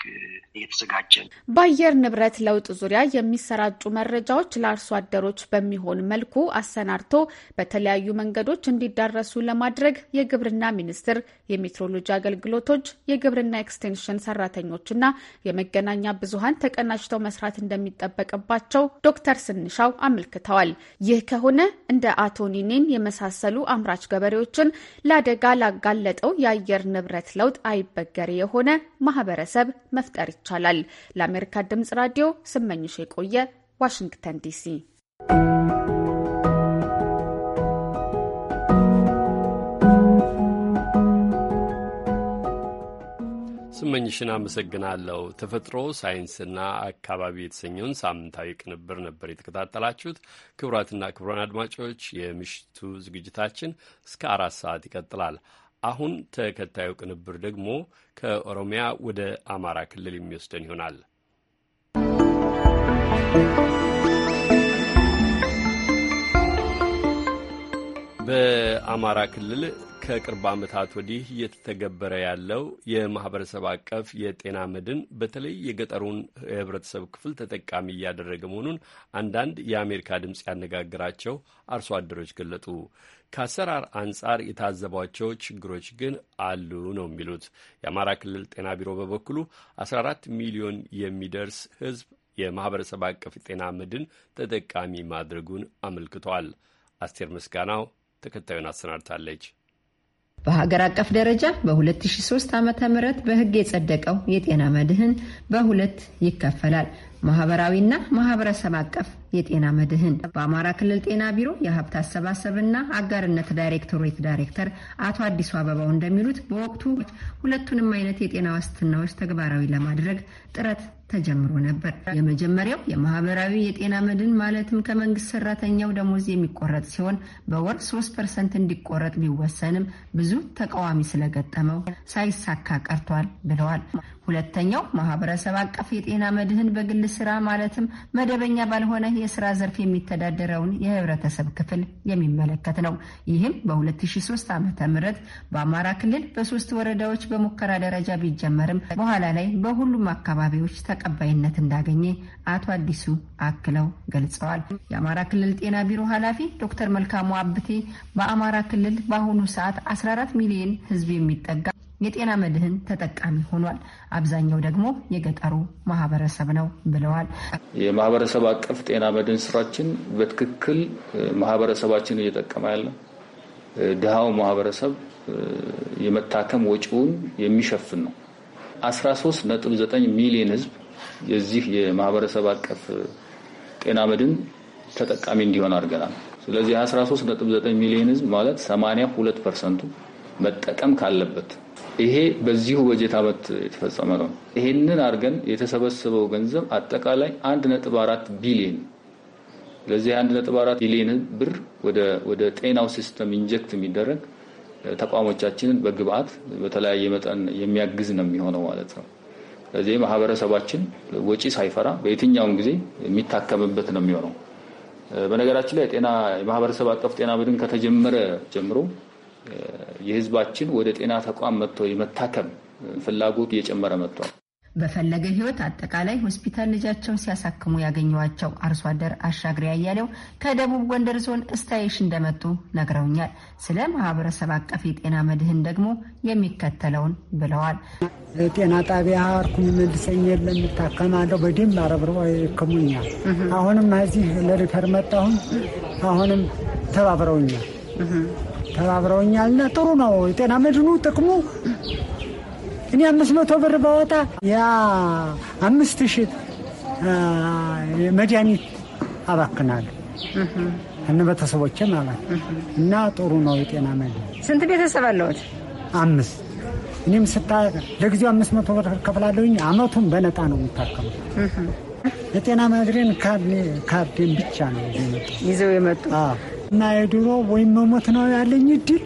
እየተዘጋጀ ነው። በአየር ንብረት ለውጥ ዙሪያ የሚሰራጩ መረጃዎች ለአርሶ አደሮች በሚሆን መልኩ አሰናድቶ በተለያዩ መንገዶች እንዲዳረሱ ለማድረግ የግብርና ሚኒስቴር፣ የሜትሮሎጂ አገልግሎቶች፣ የግብርና ኤክስቴንሽን ሰራተኞችና የመገናኛ ብዙሀን ተቀናጅተው መስራት እንደሚጠበቅባቸው ዶክተር ስንሻው አመልክተዋል። ይህ ከሆነ እንደ አቶ ኒኔን የመሳሰሉ አምራች ገበሬዎችን ለአደጋ ላጋለጠው የአየር ንብረት ለውጥ አይበገሬ የሆነ ማህበረሰብ መፍጠር ይቻላል። ለአሜሪካ ድምጽ ራዲዮ ስመኝሽ የቆየ ዋሽንግተን ዲሲ። ስመኝሽን አመሰግናለሁ። ተፈጥሮ ሳይንስና አካባቢ የተሰኘውን ሳምንታዊ ቅንብር ነበር የተከታተላችሁት። ክቡራትና ክቡራን አድማጮች የምሽቱ ዝግጅታችን እስከ አራት ሰዓት ይቀጥላል። አሁን ተከታዩ ቅንብር ደግሞ ከኦሮሚያ ወደ አማራ ክልል የሚወስደን ይሆናል። በአማራ ክልል ከቅርብ ዓመታት ወዲህ እየተተገበረ ያለው የማህበረሰብ አቀፍ የጤና መድን በተለይ የገጠሩን የህብረተሰብ ክፍል ተጠቃሚ እያደረገ መሆኑን አንዳንድ የአሜሪካ ድምፅ ያነጋግራቸው አርሶ አደሮች ገለጡ። ከአሰራር አንጻር የታዘቧቸው ችግሮች ግን አሉ ነው የሚሉት። የአማራ ክልል ጤና ቢሮ በበኩሉ 14 ሚሊዮን የሚደርስ ህዝብ የማህበረሰብ አቀፍ የጤና መድን ተጠቃሚ ማድረጉን አመልክቷል። አስቴር ምስጋናው ተከታዩን አሰናድታለች። በሀገር አቀፍ ደረጃ በ2003 ዓ ም በህግ የጸደቀው የጤና መድህን በሁለት ይከፈላል። ማህበራዊና ማህበረሰብ አቀፍ የጤና መድህን በአማራ ክልል ጤና ቢሮ የሀብት አሰባሰብና አጋርነት ዳይሬክቶሬት ዳይሬክተር አቶ አዲሱ አበባው እንደሚሉት በወቅቱ ሁለቱንም አይነት የጤና ዋስትናዎች ተግባራዊ ለማድረግ ጥረት ተጀምሮ ነበር። የመጀመሪያው የማህበራዊ የጤና መድን ማለትም ከመንግስት ሰራተኛው ደሞዝ የሚቆረጥ ሲሆን በወር ሶስት ፐርሰንት እንዲቆረጥ ቢወሰንም ብዙ ተቃዋሚ ስለገጠመው ሳይሳካ ቀርቷል ብለዋል። ሁለተኛው ማህበረሰብ አቀፍ የጤና መድህን በግል ስራ ማለትም መደበኛ ባልሆነ የስራ ዘርፍ የሚተዳደረውን የህብረተሰብ ክፍል የሚመለከት ነው። ይህም በ2003 ዓ ም በአማራ ክልል በሶስት ወረዳዎች በሙከራ ደረጃ ቢጀመርም በኋላ ላይ በሁሉም አካባቢዎች ተቀባይነት እንዳገኘ አቶ አዲሱ አክለው ገልጸዋል። የአማራ ክልል ጤና ቢሮ ኃላፊ ዶክተር መልካሙ አብቴ በአማራ ክልል በአሁኑ ሰዓት 14 ሚሊዮን ህዝብ የሚጠጋ የጤና መድህን ተጠቃሚ ሆኗል። አብዛኛው ደግሞ የገጠሩ ማህበረሰብ ነው ብለዋል። የማህበረሰብ አቀፍ ጤና መድህን ስራችን በትክክል ማህበረሰባችን እየጠቀመ ያለ ድሃው ማህበረሰብ የመታከም ወጪውን የሚሸፍን ነው። 13.9 ሚሊዮን ህዝብ የዚህ የማህበረሰብ አቀፍ ጤና መድን ተጠቃሚ እንዲሆን አድርገናል። ስለዚህ 13.9 ሚሊዮን ህዝብ ማለት 82 ፐርሰንቱ መጠቀም ካለበት ይሄ በዚሁ በጀት ዓመት የተፈጸመ ነው። ይሄንን አድርገን የተሰበሰበው ገንዘብ አጠቃላይ አንድ ነጥብ አራት ቢሊዮን ለዚህ አንድ ነጥብ አራት ቢሊዮን ብር ወደ ጤናው ሲስተም ኢንጀክት የሚደረግ ተቋሞቻችንን በግብአት በተለያየ መጠን የሚያግዝ ነው የሚሆነው ማለት ነው። ለዚህ ማህበረሰባችን ወጪ ሳይፈራ በየትኛውም ጊዜ የሚታከምበት ነው የሚሆነው። በነገራችን ላይ የማህበረሰብ አቀፍ ጤና ቡድን ከተጀመረ ጀምሮ የህዝባችን ወደ ጤና ተቋም መጥቶ የመታከም ፍላጎት እየጨመረ መጥቷል። በፈለገ ህይወት አጠቃላይ ሆስፒታል ልጃቸውን ሲያሳክሙ ያገኘዋቸው አርሶ አደር አሻግሬ አያሌው ከደቡብ ጎንደር ዞን እስታይሽ እንደመጡ ነግረውኛል። ስለ ማህበረሰብ አቀፍ የጤና መድህን ደግሞ የሚከተለውን ብለዋል። ጤና ጣቢያ እርኩም መልሰኝ የለም እታከማለሁ። በደም አረብረው ይክሙኛል። አሁንም እዚህ ለሪፈር መጣሁም አሁንም ተባብረውኛል ተባብረውኛልና ጥሩ ነው። የጤና መድኑ ጥቅሙ እኔ አምስት መቶ ብር ባወጣ ያ አምስት ሺህ መድኃኒት አባክናል እነ ቤተሰቦች ማለት እና ጥሩ ነው የጤና መድኑ። ስንት ቤተሰብ አለዎት? አምስት እኔም ስታ ለጊዜው አምስት መቶ ብር ከፍላለሁኝ። አመቱን በነጣ ነው የምታከመው። የጤና መድን ካርዴን ብቻ ነው ይዘው የመጡ እና የድሮ ወይም መሞት ነው ያለኝ እድል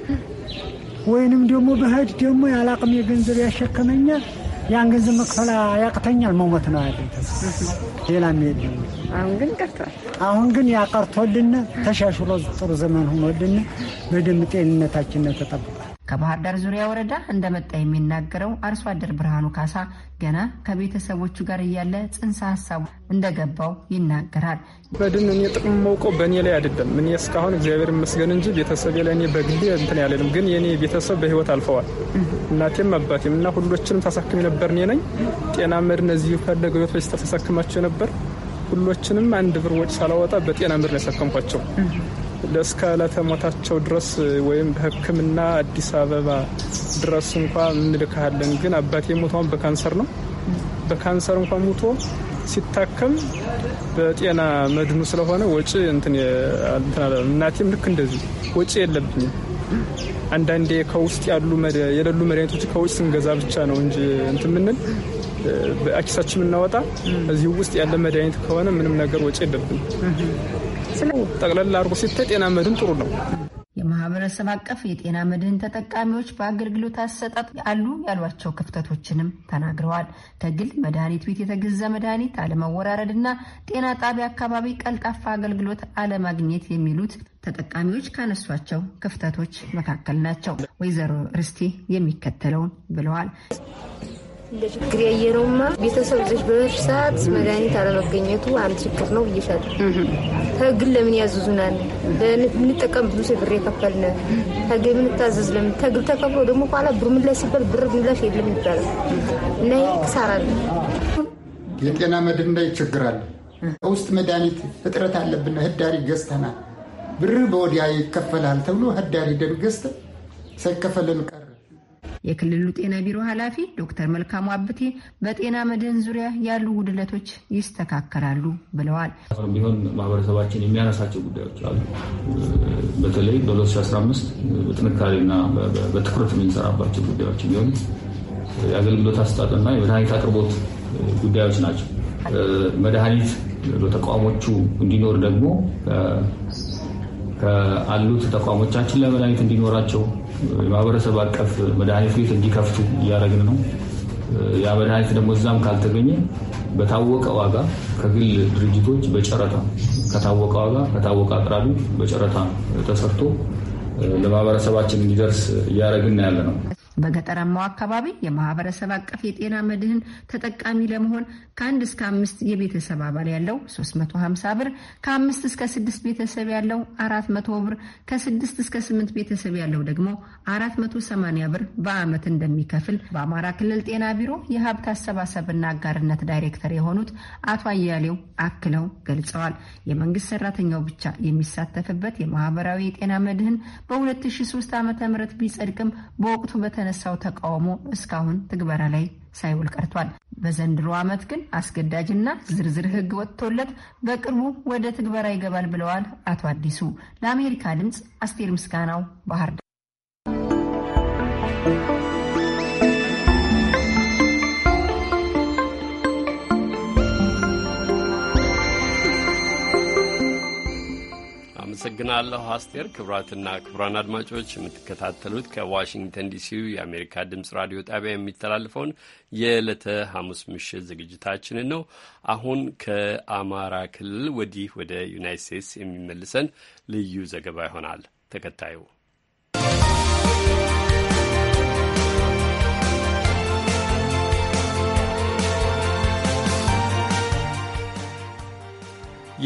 ወይንም ደግሞ በህድ ደግሞ ያለ የገንዘብ ገንዘብ ያን ገንዘብ መክፈል ያቅተኛል። መሞት ነው ያለኝ ሌላ ሄድ አሁን ግን ቀርቷል። አሁን ግን ያቀርቶልን ተሻሽሎ ጥሩ ዘመን ሆኖልን በደንብ ጤንነታችን ተጠብቋል። ከባህር ዳር ዙሪያ ወረዳ እንደመጣ የሚናገረው አርሶ አደር ብርሃኑ ካሳ ገና ከቤተሰቦቹ ጋር እያለ ጽንሰ ሀሳቡ እንደገባው ይናገራል። በድን እኔ ጥቅም መውቆ በእኔ ላይ አይደለም። እኔ እስካሁን እግዚአብሔር ይመስገን እንጂ ቤተሰብ ላይ እኔ በግሌ እንትን ያለንም፣ ግን የኔ ቤተሰብ በህይወት አልፈዋል። እናቴም አባቴም እና ሁሎችንም ተሳክም የነበር እኔ ነኝ። ጤና መድን እነዚህ ፈለገ ቤቶች ተሳክማቸው ነበር። ሁሎችንም አንድ ብር ወጪ ሳላወጣ በጤና ምድር ነው ያሳከምኳቸው። እስከ ዕለተ ሞታቸው ድረስ ወይም በሕክምና አዲስ አበባ ድረስ እንኳ እንልካለን። ግን አባቴ ሞቷን በካንሰር ነው። በካንሰር እንኳ ሞቶ ሲታከም በጤና መድኑ ስለሆነ ወጪ እናቴም ልክ እንደዚህ ወጪ የለብኝም። አንዳንዴ ከውስጥ ያሉ የሌሉ መድኃኒቶች ከውጭ ስንገዛ ብቻ ነው እንጂ እንትን ምንል በኪሳችን የምናወጣ እዚሁ ውስጥ ያለ መድኃኒት ከሆነ ምንም ነገር ወጪ የለብን። ጠቅላላ አድርጎ ሲታይ ጤና መድን ጥሩ ነው። የማህበረሰብ አቀፍ የጤና መድህን ተጠቃሚዎች በአገልግሎት አሰጣጥ አሉ ያሏቸው ክፍተቶችንም ተናግረዋል። ከግል መድኃኒት ቤት የተገዛ መድኃኒት እና ጤና ጣቢያ አካባቢ ቀልጣፋ አገልግሎት አለማግኘት የሚሉት ተጠቃሚዎች ካነሷቸው ክፍተቶች መካከል ናቸው። ወይዘሮ ርስቴ የሚከተለውን ብለዋል። እንግዲህ ያየነውማ ቤተሰብ ልጆች በመሽ ሰዓት መድኃኒት አለመገኘቱ አንድ ችግር ነው ብዬሻለሁ። ህግን ለምን ያዝዙናል? ምንጠቀም ብዙ ብር የከፈልነ ተግ የምንታዘዝ ለምን ተግብ ተከፍሎ ደግሞ ኋላ ብር ምላሽ ሲባል ብር ምላሽ የለም ይባላል እና ይህ ክሳራ አለ። የጤና መድን ላይ ችግር አለ። ውስጥ መድኃኒት እጥረት አለብን። ህዳሪ ገዝተናል። ብር በወዲያ ይከፈላል ተብሎ ህዳሪ ደን ገዝተ ሳይከፈልን ቀረ። የክልሉ ጤና ቢሮ ኃላፊ ዶክተር መልካሙ አብቴ በጤና መድህን ዙሪያ ያሉ ጉድለቶች ይስተካከላሉ ብለዋል። ቢሆን ማህበረሰባችን የሚያነሳቸው ጉዳዮች አሉ። በተለይ በ2015 በጥንካሬና በትኩረት የምንሰራባቸው ጉዳዮች ቢሆን የአገልግሎት አሰጣጥና የመድኃኒት አቅርቦት ጉዳዮች ናቸው። መድኃኒት በተቋሞቹ እንዲኖር ደግሞ ከአሉት ተቋሞቻችን ለመድኃኒት እንዲኖራቸው የማህበረሰብ አቀፍ መድኃኒት ቤት እንዲከፍቱ እያደረግን ነው። ያ መድኃኒት ደግሞ እዛም ካልተገኘ በታወቀ ዋጋ ከግል ድርጅቶች በጨረታ ከታወቀ ዋጋ ከታወቀ አቅራቢ በጨረታ ተሰርቶ ለማህበረሰባችን እንዲደርስ እያደረግን ያለ ነው። በገጠራማው አካባቢ የማህበረሰብ አቀፍ የጤና መድህን ተጠቃሚ ለመሆን ከአንድ እስከ አምስት የቤተሰብ አባል ያለው 350 ብር፣ ከአምስት እስከ ስድስት ቤተሰብ ያለው 400 ብር፣ ከስድስት እስከ ስምንት ቤተሰብ ያለው ደግሞ 480 ብር በዓመት እንደሚከፍል በአማራ ክልል ጤና ቢሮ የሀብት አሰባሰብና አጋርነት ዳይሬክተር የሆኑት አቶ አያሌው አክለው ገልጸዋል። የመንግስት ሰራተኛው ብቻ የሚሳተፍበት የማህበራዊ የጤና መድህን በ2003 ዓ ም ቢጸድቅም በወቅቱ በተነ የተነሳው ተቃውሞ እስካሁን ትግበራ ላይ ሳይውል ቀርቷል። በዘንድሮ ዓመት ግን አስገዳጅና ዝርዝር ሕግ ወጥቶለት በቅርቡ ወደ ትግበራ ይገባል ብለዋል አቶ አዲሱ። ለአሜሪካ ድምፅ አስቴር ምስጋናው ባህር አመሰግናለሁ አስቴር። ክቡራትና ክቡራን አድማጮች የምትከታተሉት ከዋሽንግተን ዲሲው የአሜሪካ ድምፅ ራዲዮ ጣቢያ የሚተላልፈውን የዕለተ ሐሙስ ምሽት ዝግጅታችንን ነው። አሁን ከአማራ ክልል ወዲህ ወደ ዩናይት ስቴትስ የሚመልሰን ልዩ ዘገባ ይሆናል ተከታዩ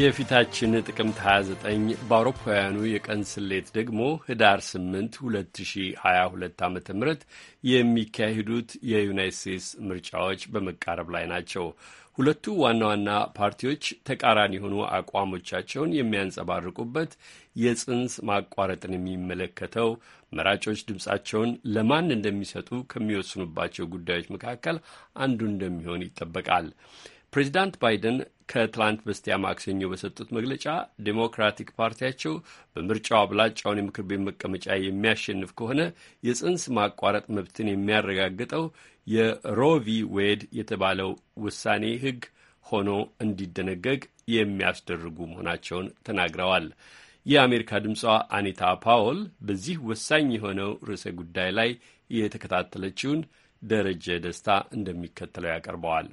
የፊታችን ጥቅምት 29 በአውሮፓውያኑ የቀን ስሌት ደግሞ ህዳር 8 2022 ዓ ም የሚካሄዱት የዩናይት ስቴትስ ምርጫዎች በመቃረብ ላይ ናቸው። ሁለቱ ዋና ዋና ፓርቲዎች ተቃራኒ የሆኑ አቋሞቻቸውን የሚያንጸባርቁበት የጽንስ ማቋረጥን የሚመለከተው መራጮች ድምፃቸውን ለማን እንደሚሰጡ ከሚወስኑባቸው ጉዳዮች መካከል አንዱ እንደሚሆን ይጠበቃል። ፕሬዚዳንት ባይደን ከትላንት በስቲያ ማክሰኞ በሰጡት መግለጫ ዴሞክራቲክ ፓርቲያቸው በምርጫው አብላጫውን የምክር ቤት መቀመጫ የሚያሸንፍ ከሆነ የጽንስ ማቋረጥ መብትን የሚያረጋግጠው የሮቪ ዌድ የተባለው ውሳኔ ሕግ ሆኖ እንዲደነገግ የሚያስደርጉ መሆናቸውን ተናግረዋል። የአሜሪካ ድምጿ አኒታ ፓውል በዚህ ወሳኝ የሆነው ርዕሰ ጉዳይ ላይ የተከታተለችውን ደረጀ ደስታ እንደሚከተለው ያቀርበዋል።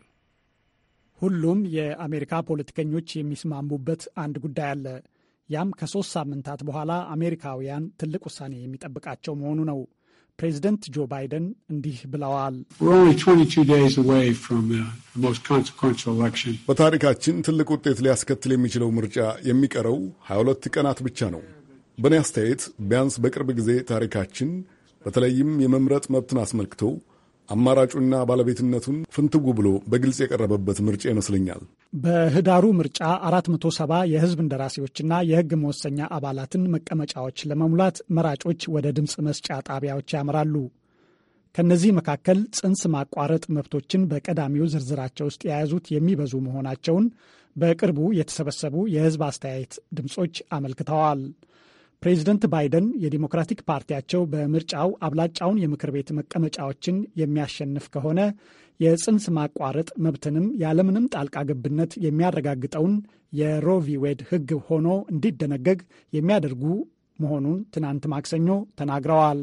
ሁሉም የአሜሪካ ፖለቲከኞች የሚስማሙበት አንድ ጉዳይ አለ። ያም ከሶስት ሳምንታት በኋላ አሜሪካውያን ትልቅ ውሳኔ የሚጠብቃቸው መሆኑ ነው። ፕሬዚደንት ጆ ባይደን እንዲህ ብለዋል። uh, በታሪካችን ትልቅ ውጤት ሊያስከትል የሚችለው ምርጫ የሚቀረው 22 ቀናት ብቻ ነው። በእኔ አስተያየት ቢያንስ በቅርብ ጊዜ ታሪካችን በተለይም የመምረጥ መብትን አስመልክቶ አማራጩና ባለቤትነቱን ፍንትጉ ብሎ በግልጽ የቀረበበት ምርጫ ይመስለኛል። በህዳሩ ምርጫ 470 የህዝብ እንደራሴዎችና የህግ መወሰኛ አባላትን መቀመጫዎች ለመሙላት መራጮች ወደ ድምፅ መስጫ ጣቢያዎች ያምራሉ። ከነዚህ መካከል ጽንስ ማቋረጥ መብቶችን በቀዳሚው ዝርዝራቸው ውስጥ የያዙት የሚበዙ መሆናቸውን በቅርቡ የተሰበሰቡ የህዝብ አስተያየት ድምፆች አመልክተዋል። ፕሬዚደንት ባይደን የዲሞክራቲክ ፓርቲያቸው በምርጫው አብላጫውን የምክር ቤት መቀመጫዎችን የሚያሸንፍ ከሆነ የጽንስ ማቋረጥ መብትንም ያለምንም ጣልቃ ገብነት የሚያረጋግጠውን የሮቪ ዌድ ሕግ ሆኖ እንዲደነገግ የሚያደርጉ መሆኑን ትናንት ማክሰኞ ተናግረዋል።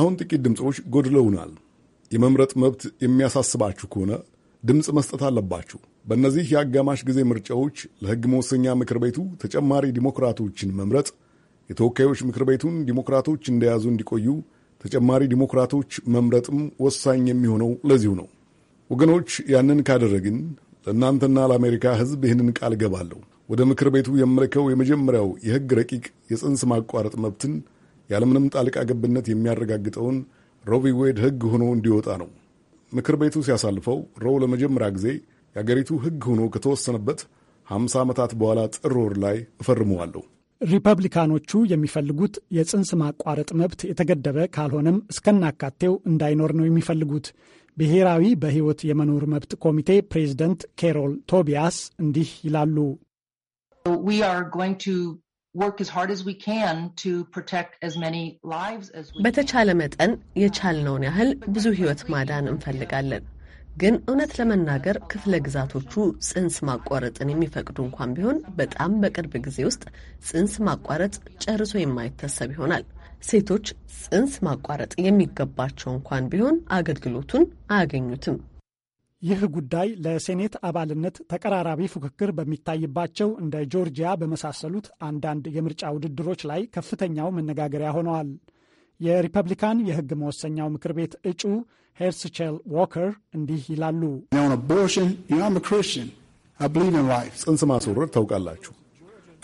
አሁን ጥቂት ድምፆች ጎድለውናል። የመምረጥ መብት የሚያሳስባችሁ ከሆነ ድምፅ መስጠት አለባችሁ። በእነዚህ የአጋማሽ ጊዜ ምርጫዎች ለሕግ መወሰኛ ምክር ቤቱ ተጨማሪ ዲሞክራቶችን መምረጥ፣ የተወካዮች ምክር ቤቱን ዲሞክራቶች እንደያዙ እንዲቆዩ ተጨማሪ ዲሞክራቶች መምረጥም ወሳኝ የሚሆነው ለዚሁ ነው። ወገኖች ያንን ካደረግን ለእናንተና ለአሜሪካ ሕዝብ ይህንን ቃል ገባለሁ። ወደ ምክር ቤቱ የምልከው የመጀመሪያው የሕግ ረቂቅ የጽንስ ማቋረጥ መብትን ያለምንም ጣልቃ ገብነት የሚያረጋግጠውን ሮቪ ዌድ ሕግ ሆኖ እንዲወጣ ነው። ምክር ቤቱ ሲያሳልፈው ሮው ለመጀመሪያ ጊዜ የአገሪቱ ሕግ ሆኖ ከተወሰነበት 50 ዓመታት በኋላ ጥር ወር ላይ እፈርመዋለሁ። ሪፐብሊካኖቹ የሚፈልጉት የጽንስ ማቋረጥ መብት የተገደበ ካልሆነም እስከናካቴው እንዳይኖር ነው የሚፈልጉት። ብሔራዊ በሕይወት የመኖር መብት ኮሚቴ ፕሬዝደንት ኬሮል ቶቢያስ እንዲህ ይላሉ። በተቻለ መጠን የቻልነውን ያህል ብዙ ሕይወት ማዳን እንፈልጋለን። ግን እውነት ለመናገር ክፍለ ግዛቶቹ ጽንስ ማቋረጥን የሚፈቅዱ እንኳን ቢሆን በጣም በቅርብ ጊዜ ውስጥ ጽንስ ማቋረጥ ጨርሶ የማይታሰብ ይሆናል። ሴቶች ጽንስ ማቋረጥ የሚገባቸው እንኳን ቢሆን አገልግሎቱን አያገኙትም። ይህ ጉዳይ ለሴኔት አባልነት ተቀራራቢ ፉክክር በሚታይባቸው እንደ ጆርጂያ በመሳሰሉት አንዳንድ የምርጫ ውድድሮች ላይ ከፍተኛው መነጋገሪያ ሆነዋል። የሪፐብሊካን የሕግ መወሰኛው ምክር ቤት እጩ ሄርስቸል ዎከር እንዲህ ይላሉ። ጽንስ ማስወረድ ታውቃላችሁ፣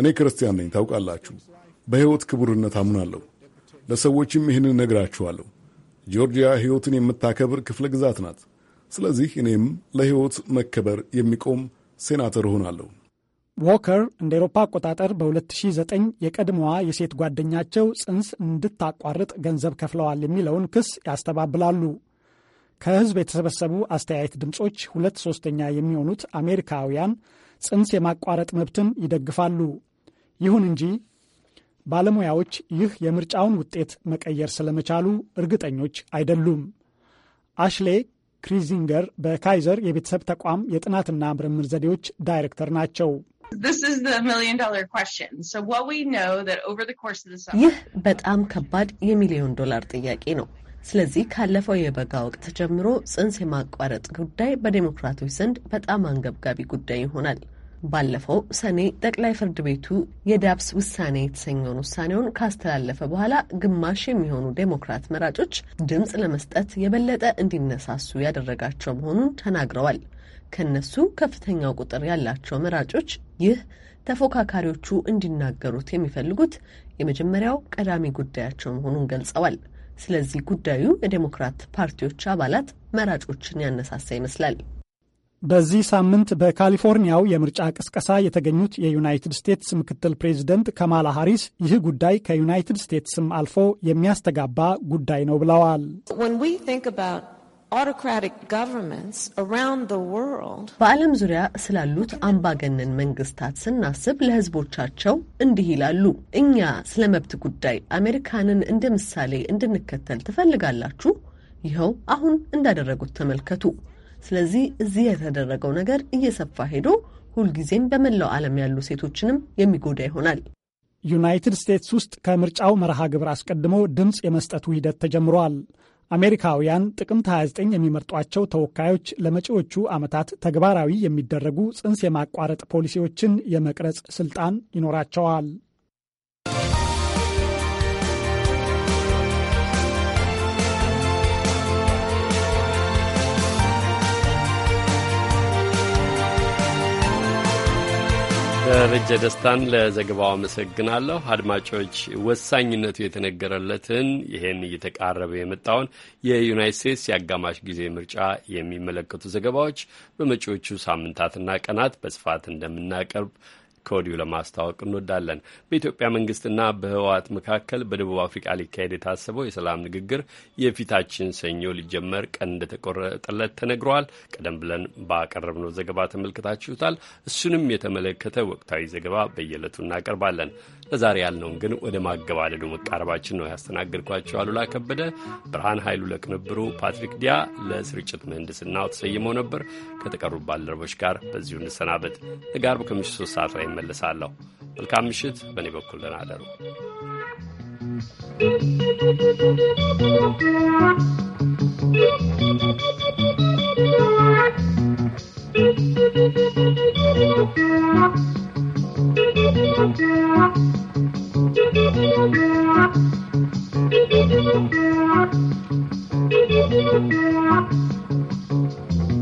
እኔ ክርስቲያን ነኝ ታውቃላችሁ፣ በሕይወት ክቡርነት አምናለሁ፣ ለሰዎችም ይህንን ነግራችኋለሁ። ጆርጂያ ሕይወትን የምታከብር ክፍለ ግዛት ናት። ስለዚህ እኔም ለሕይወት መከበር የሚቆም ሴናተር እሆናለሁ። ዎከር እንደ ኤሮፓ አቆጣጠር በ2009 የቀድሞዋ የሴት ጓደኛቸው ጽንስ እንድታቋርጥ ገንዘብ ከፍለዋል የሚለውን ክስ ያስተባብላሉ። ከሕዝብ የተሰበሰቡ አስተያየት ድምፆች ሁለት ሦስተኛ የሚሆኑት አሜሪካውያን ጽንስ የማቋረጥ መብትን ይደግፋሉ። ይሁን እንጂ ባለሙያዎች ይህ የምርጫውን ውጤት መቀየር ስለመቻሉ እርግጠኞች አይደሉም። አሽሌ ክሪዚንገር በካይዘር የቤተሰብ ተቋም የጥናትና ምርምር ዘዴዎች ዳይሬክተር ናቸው። ይህ በጣም ከባድ የሚሊዮን ዶላር ጥያቄ ነው። ስለዚህ ካለፈው የበጋ ወቅት ጀምሮ ጽንስ የማቋረጥ ጉዳይ በዴሞክራቶች ዘንድ በጣም አንገብጋቢ ጉዳይ ይሆናል። ባለፈው ሰኔ ጠቅላይ ፍርድ ቤቱ የዳብስ ውሳኔ የተሰኘውን ውሳኔውን ካስተላለፈ በኋላ ግማሽ የሚሆኑ ዴሞክራት መራጮች ድምፅ ለመስጠት የበለጠ እንዲነሳሱ ያደረጋቸው መሆኑን ተናግረዋል። ከነሱ ከፍተኛው ቁጥር ያላቸው መራጮች ይህ ተፎካካሪዎቹ እንዲናገሩት የሚፈልጉት የመጀመሪያው ቀዳሚ ጉዳያቸው መሆኑን ገልጸዋል። ስለዚህ ጉዳዩ የዴሞክራት ፓርቲዎች አባላት መራጮችን ያነሳሳ ይመስላል። በዚህ ሳምንት በካሊፎርኒያው የምርጫ ቅስቀሳ የተገኙት የዩናይትድ ስቴትስ ምክትል ፕሬዚደንት ከማላ ሃሪስ ይህ ጉዳይ ከዩናይትድ ስቴትስም አልፎ የሚያስተጋባ ጉዳይ ነው ብለዋል። በዓለም ዙሪያ ስላሉት አምባገነን መንግስታት ስናስብ ለህዝቦቻቸው እንዲህ ይላሉ። እኛ ስለ መብት ጉዳይ አሜሪካንን እንደ ምሳሌ እንድንከተል ትፈልጋላችሁ? ይኸው አሁን እንዳደረጉት ተመልከቱ። ስለዚህ እዚህ የተደረገው ነገር እየሰፋ ሄዶ ሁልጊዜም በመላው ዓለም ያሉ ሴቶችንም የሚጎዳ ይሆናል። ዩናይትድ ስቴትስ ውስጥ ከምርጫው መርሃ ግብር አስቀድሞ ድምፅ የመስጠቱ ሂደት ተጀምሯል። አሜሪካውያን ጥቅምት 29 የሚመርጧቸው ተወካዮች ለመጪዎቹ ዓመታት ተግባራዊ የሚደረጉ ጽንስ የማቋረጥ ፖሊሲዎችን የመቅረጽ ስልጣን ይኖራቸዋል። ደረጀ ደስታን ለዘገባው አመሰግናለሁ። አድማጮች ወሳኝነቱ የተነገረለትን ይህን እየተቃረበ የመጣውን የዩናይት ስቴትስ የአጋማሽ ጊዜ ምርጫ የሚመለከቱ ዘገባዎች በመጪዎቹ ሳምንታትና ቀናት በስፋት እንደምናቀርብ ከወዲሁ ለማስታወቅ እንወዳለን። በኢትዮጵያ መንግስትና በህወሓት መካከል በደቡብ አፍሪካ ሊካሄድ የታሰበው የሰላም ንግግር የፊታችን ሰኞ ሊጀመር ቀን እንደተቆረጠለት ተነግሯል። ቀደም ብለን ባቀረብነው ዘገባ ተመልክታችሁታል። እሱንም የተመለከተ ወቅታዊ ዘገባ በየዕለቱ እናቀርባለን። ለዛሬ ያልነውን ግን ወደ ማገባደዱ መቃረባችን ነው። ያስተናገድኳቸው አሉላ ከበደ፣ ብርሃን ኃይሉ ለቅንብሩ፣ ፓትሪክ ዲያ ለስርጭት ምህንድስናው ተሰይመው ነበር። ከተቀሩ ባልደረቦች ጋር በዚሁ እንሰናበት። ለጋርቡ ከምሽቱ ሶስት ሰዓት ላይ እመልሳለሁ። መልካም ምሽት። በእኔ በኩል ደህና አደሩ።